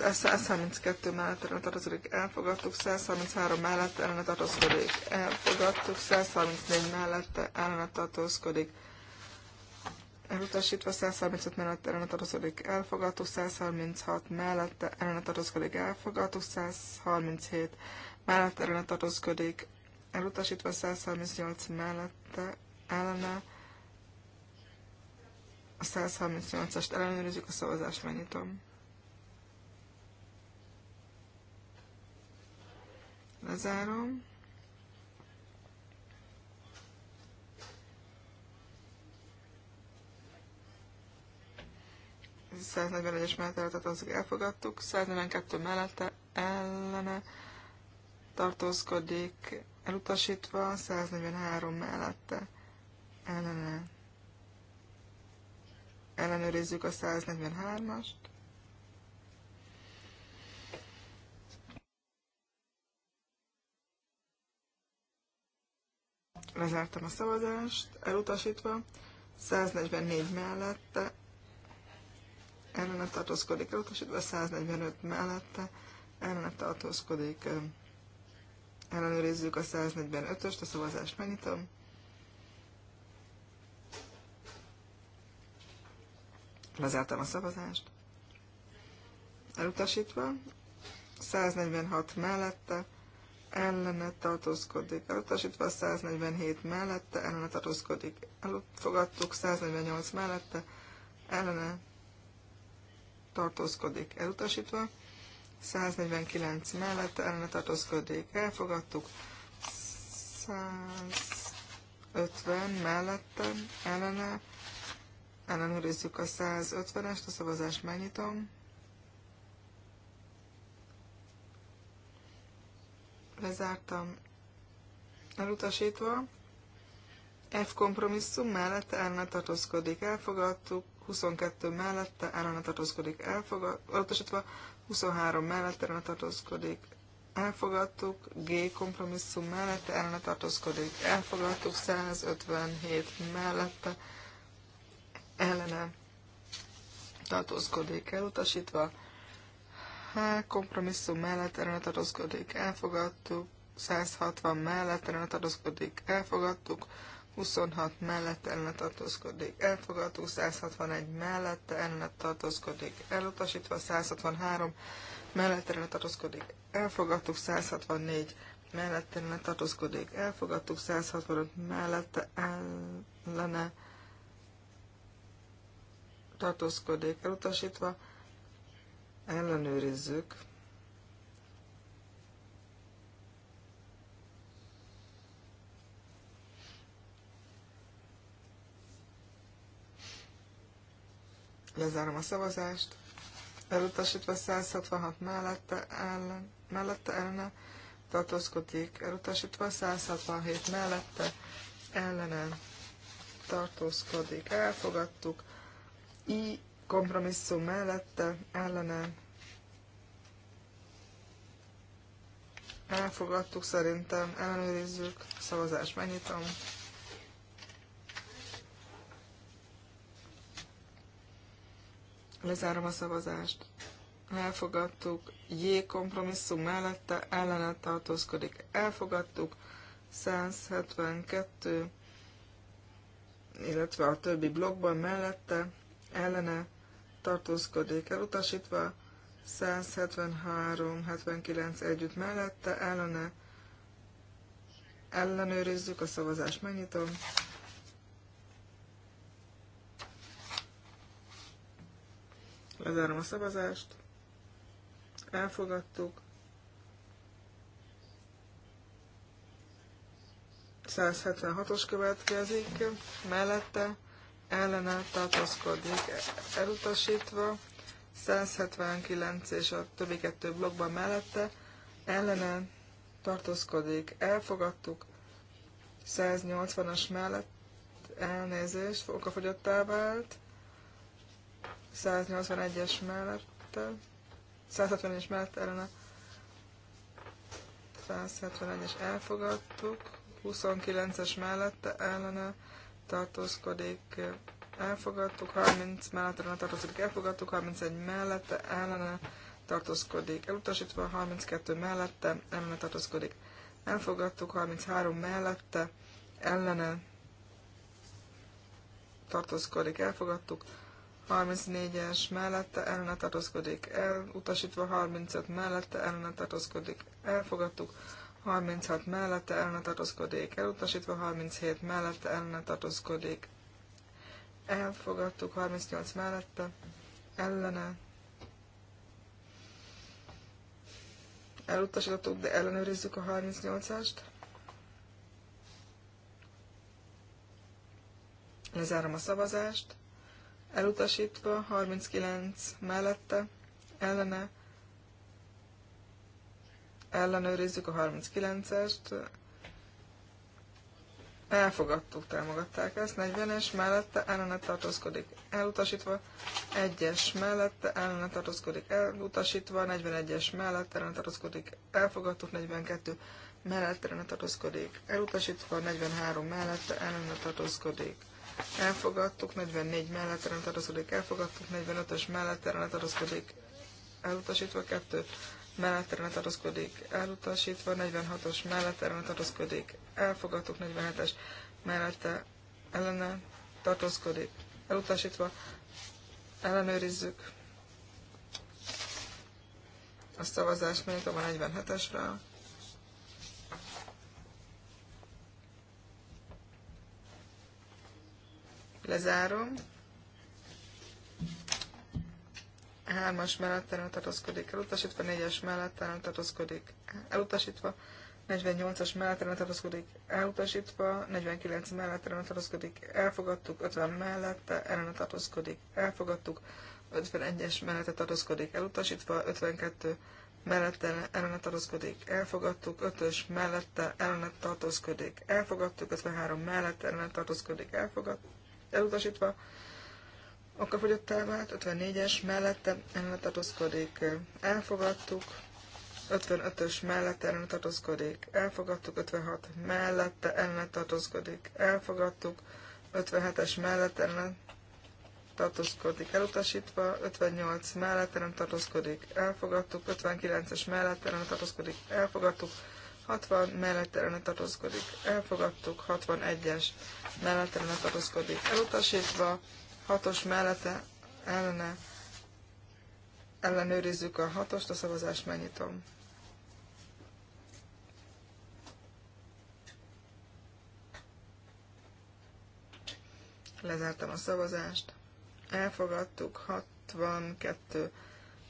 A 132 mellett ellen tartozik, elfogadtuk, 133 mellett ellen tartozkodik, elfogadtuk, 134 mellett ellen tartozkodik, elutasítva 135 mellett ellen tartozkodik elfogadtuk, 136 mellett ellen tartozkodik elfogadtuk, 137 mellett ellen tartozkodik elutasítva 138 mellette ellene a 138-ast ellenőrizzük, a szavazást megnyitom. Lezárom. Ez 141-es mellett azok elfogadtuk. 142 mellette ellene tartózkodik, elutasítva, 143 mellette ellene. Ellenőrizzük a 143-ast. Lezártam a szavazást, elutasítva, 144 mellette, ellene tartózkodik, elutasítva, 145 mellette, ellene tartózkodik, ellenőrizzük a 145-öst, a szavazást megnyitom. Lezártam a szavazást. Elutasítva. 146 mellette ellene tartózkodik. Elutasítva 147 mellette ellene tartózkodik. Elfogadtuk 148 mellette ellene tartózkodik. Elutasítva 149 mellette ellene tartózkodik, elfogadtuk. 150 mellette ellene ellenőrizzük a 150-est, a szavazást megnyitom. Lezártam elutasítva. F kompromisszum mellett ellene tartózkodik. Elfogadtuk 22 mellette ellene tartózkodik elfogad, 23 mellette ellene tartózkodik elfogadtuk, G kompromisszum mellette ellene tartózkodik elfogadtuk, 157 mellette ellene tartózkodik elutasítva, H kompromisszum mellette ellene tartózkodik elfogadtuk, 160 mellette ellene tartózkodik elfogadtuk, 26 mellett ellene tartózkodik, elfogadó 161 mellette ellene tartózkodik, elutasítva 163 mellett ellene tartózkodik, elfogadó 164 mellett ellene tartózkodik, elfogadó 165 mellette ellene tartózkodik, elutasítva ellenőrizzük Lezárom a szavazást. Elutasítva 166 mellette, ellen, mellette ellene tartózkodik. Elutasítva 167 mellette ellene tartózkodik. Elfogadtuk. I kompromisszum mellette ellene elfogadtuk szerintem. Ellenőrizzük. Szavazás megnyitom. Lezárom a szavazást. Elfogadtuk. J kompromisszum mellette ellene tartózkodik. Elfogadtuk. 172, illetve a többi blokkban mellette ellene tartózkodik. Elutasítva 173, 79 együtt mellette ellene ellenőrizzük a szavazást. Megnyitom. Lezárom a szavazást. Elfogadtuk. 176-os következik, mellette ellene tartózkodik elutasítva, 179 és a többi kettő blokkban mellette ellene tartózkodik, elfogadtuk, 180-as mellett elnézést, fogyottá vált, 181-es mellett, 171-es mellett ellene, 171-es elfogadtuk, 29-es mellette ellene tartózkodik, elfogadtuk, 30 mellette ellene tartózkodik, elfogadtuk, 31 mellette ellene tartózkodik, elutasítva, 32 mellette ellene tartózkodik, elfogadtuk, 33 mellette ellene tartózkodik, elfogadtuk, 34-es mellette ellene tartózkodik el, utasítva 35 mellette ellene tartózkodik, elfogadtuk, 36 mellette ellene tartózkodik, elutasítva 37 mellette ellene tartózkodik, elfogadtuk, 38 mellette ellene elutasítottuk, de ellenőrizzük a 38-ást. Lezárom a szavazást elutasítva, 39 mellette, ellene, ellenőrizzük a 39-est, elfogadtuk, támogatták ezt, 40-es mellette, ellene tartózkodik, elutasítva, 1-es mellette, ellene tartózkodik, elutasítva, 41-es mellette, ellene tartózkodik, elfogadtuk, 42 mellette, ellene tartózkodik, elutasítva, 43 mellette, ellene tartózkodik, elfogadtuk, 44 mellett nem tartozkodik, elfogadtuk, 45-ös mellett nem tartozkodik, elutasítva, 2 mellett nem tartozkodik, elutasítva, 46-os mellett nem tartozkodik, elfogadtuk, 47-es mellette ellene tartozkodik, elutasítva, ellenőrizzük a szavazást, mert a 47 esre Lezárom. Hármas mellett tartózkodik elutasítva, négyes mellett tartózkodik elutasítva, 48-as mellett tartózkodik elutasítva, 49 mellett tartózkodik elfogadtuk, 50 mellette ellene tartózkodik elfogadtuk, 51-es mellette tartózkodik elutasítva, 52 mellette ellene tartózkodik, elfogadtuk, 5-ös mellette ellene tartózkodik, elfogadtuk, 53 mellette ellene tartózkodik, elfogadtuk, elutasítva, el vált, 54-es mellette ellene tartózkodik, elfogadtuk, 55-ös mellette ellene tartózkodik, elfogadtuk, 56 mellette ellene tartózkodik, elfogadtuk, 57-es mellette ellene tartózkodik elutasítva, 58 mellette nem tartózkodik elfogadtuk, 59-es mellette nem tartózkodik elfogadtuk, 60 mellette nem tartózkodik elfogadtuk, 61-es mellette nem tartózkodik elutasítva, hatos mellette ellene ellenőrizzük a hatost, a szavazást megnyitom. Lezártam a szavazást. Elfogadtuk 62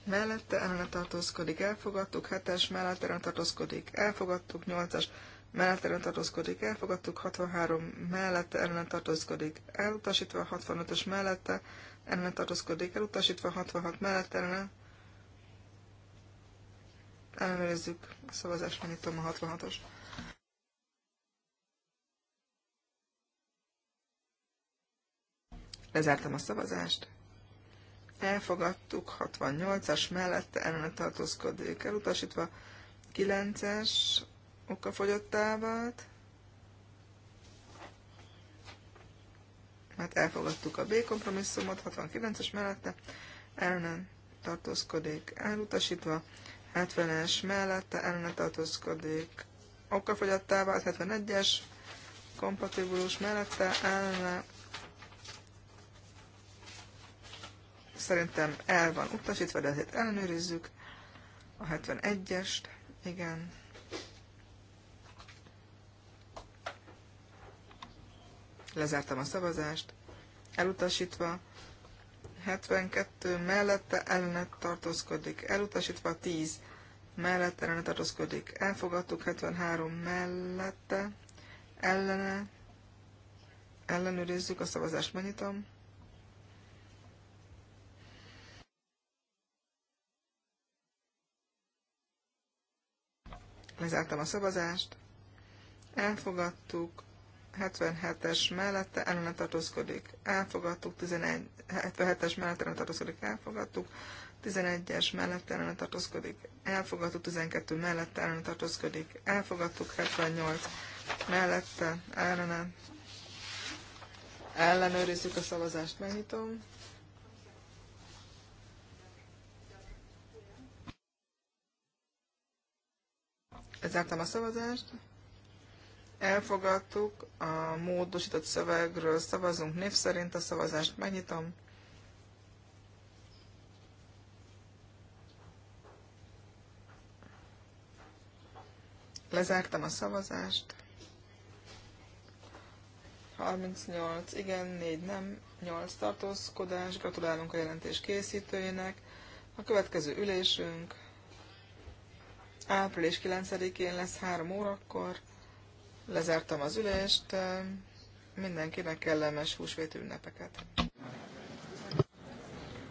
mellette ellene tartózkodik, elfogadtuk 7-es mellette ellene tartózkodik, elfogadtuk 8-as mellett ellen tartózkodik, elfogadtuk, 63 mellette ellen tartózkodik, elutasítva, 65-ös mellette ellen tartózkodik, elutasítva, 66 mellette ellen ellenőrizzük a szavazás, megnyitom a 66-os. Lezártam a szavazást. Elfogadtuk, 68-as mellette ellen tartózkodik, elutasítva, 9-es okafogyottá vált. Mert elfogadtuk a B kompromisszumot, 69-es mellette, ellen tartózkodik elutasítva, 70-es mellette, ellen tartózkodik okafogyottá vált, 71-es kompatibilus mellette, ellen szerintem el van utasítva, de azért ellenőrizzük a 71-est, igen, lezártam a szavazást, elutasítva, 72 mellette ellenet tartózkodik, elutasítva 10 mellette ellenet tartózkodik, elfogadtuk 73 mellette, ellene, ellenőrizzük a szavazást, megnyitom. Lezártam a szavazást, elfogadtuk 77-es mellette ellene tartózkodik, elfogadtuk, 11, 77-es mellette ellene tartózkodik, elfogadtuk, 11-es mellette ellene tartózkodik, elfogadtuk, 12 mellette ellene tartózkodik, elfogadtuk, 78 mellette ellene ellenőrizzük a szavazást, megnyitom. Lezártam a szavazást. Elfogadtuk, a módosított szövegről szavazunk név szerint, a szavazást megnyitom. Lezártam a szavazást. 38 igen, 4 nem, 8 tartózkodás. Gratulálunk a jelentés készítőjének. A következő ülésünk április 9-én lesz 3 órakor. Lezártam az ülést. Mindenkinek kellemes húsvét ünnepeket.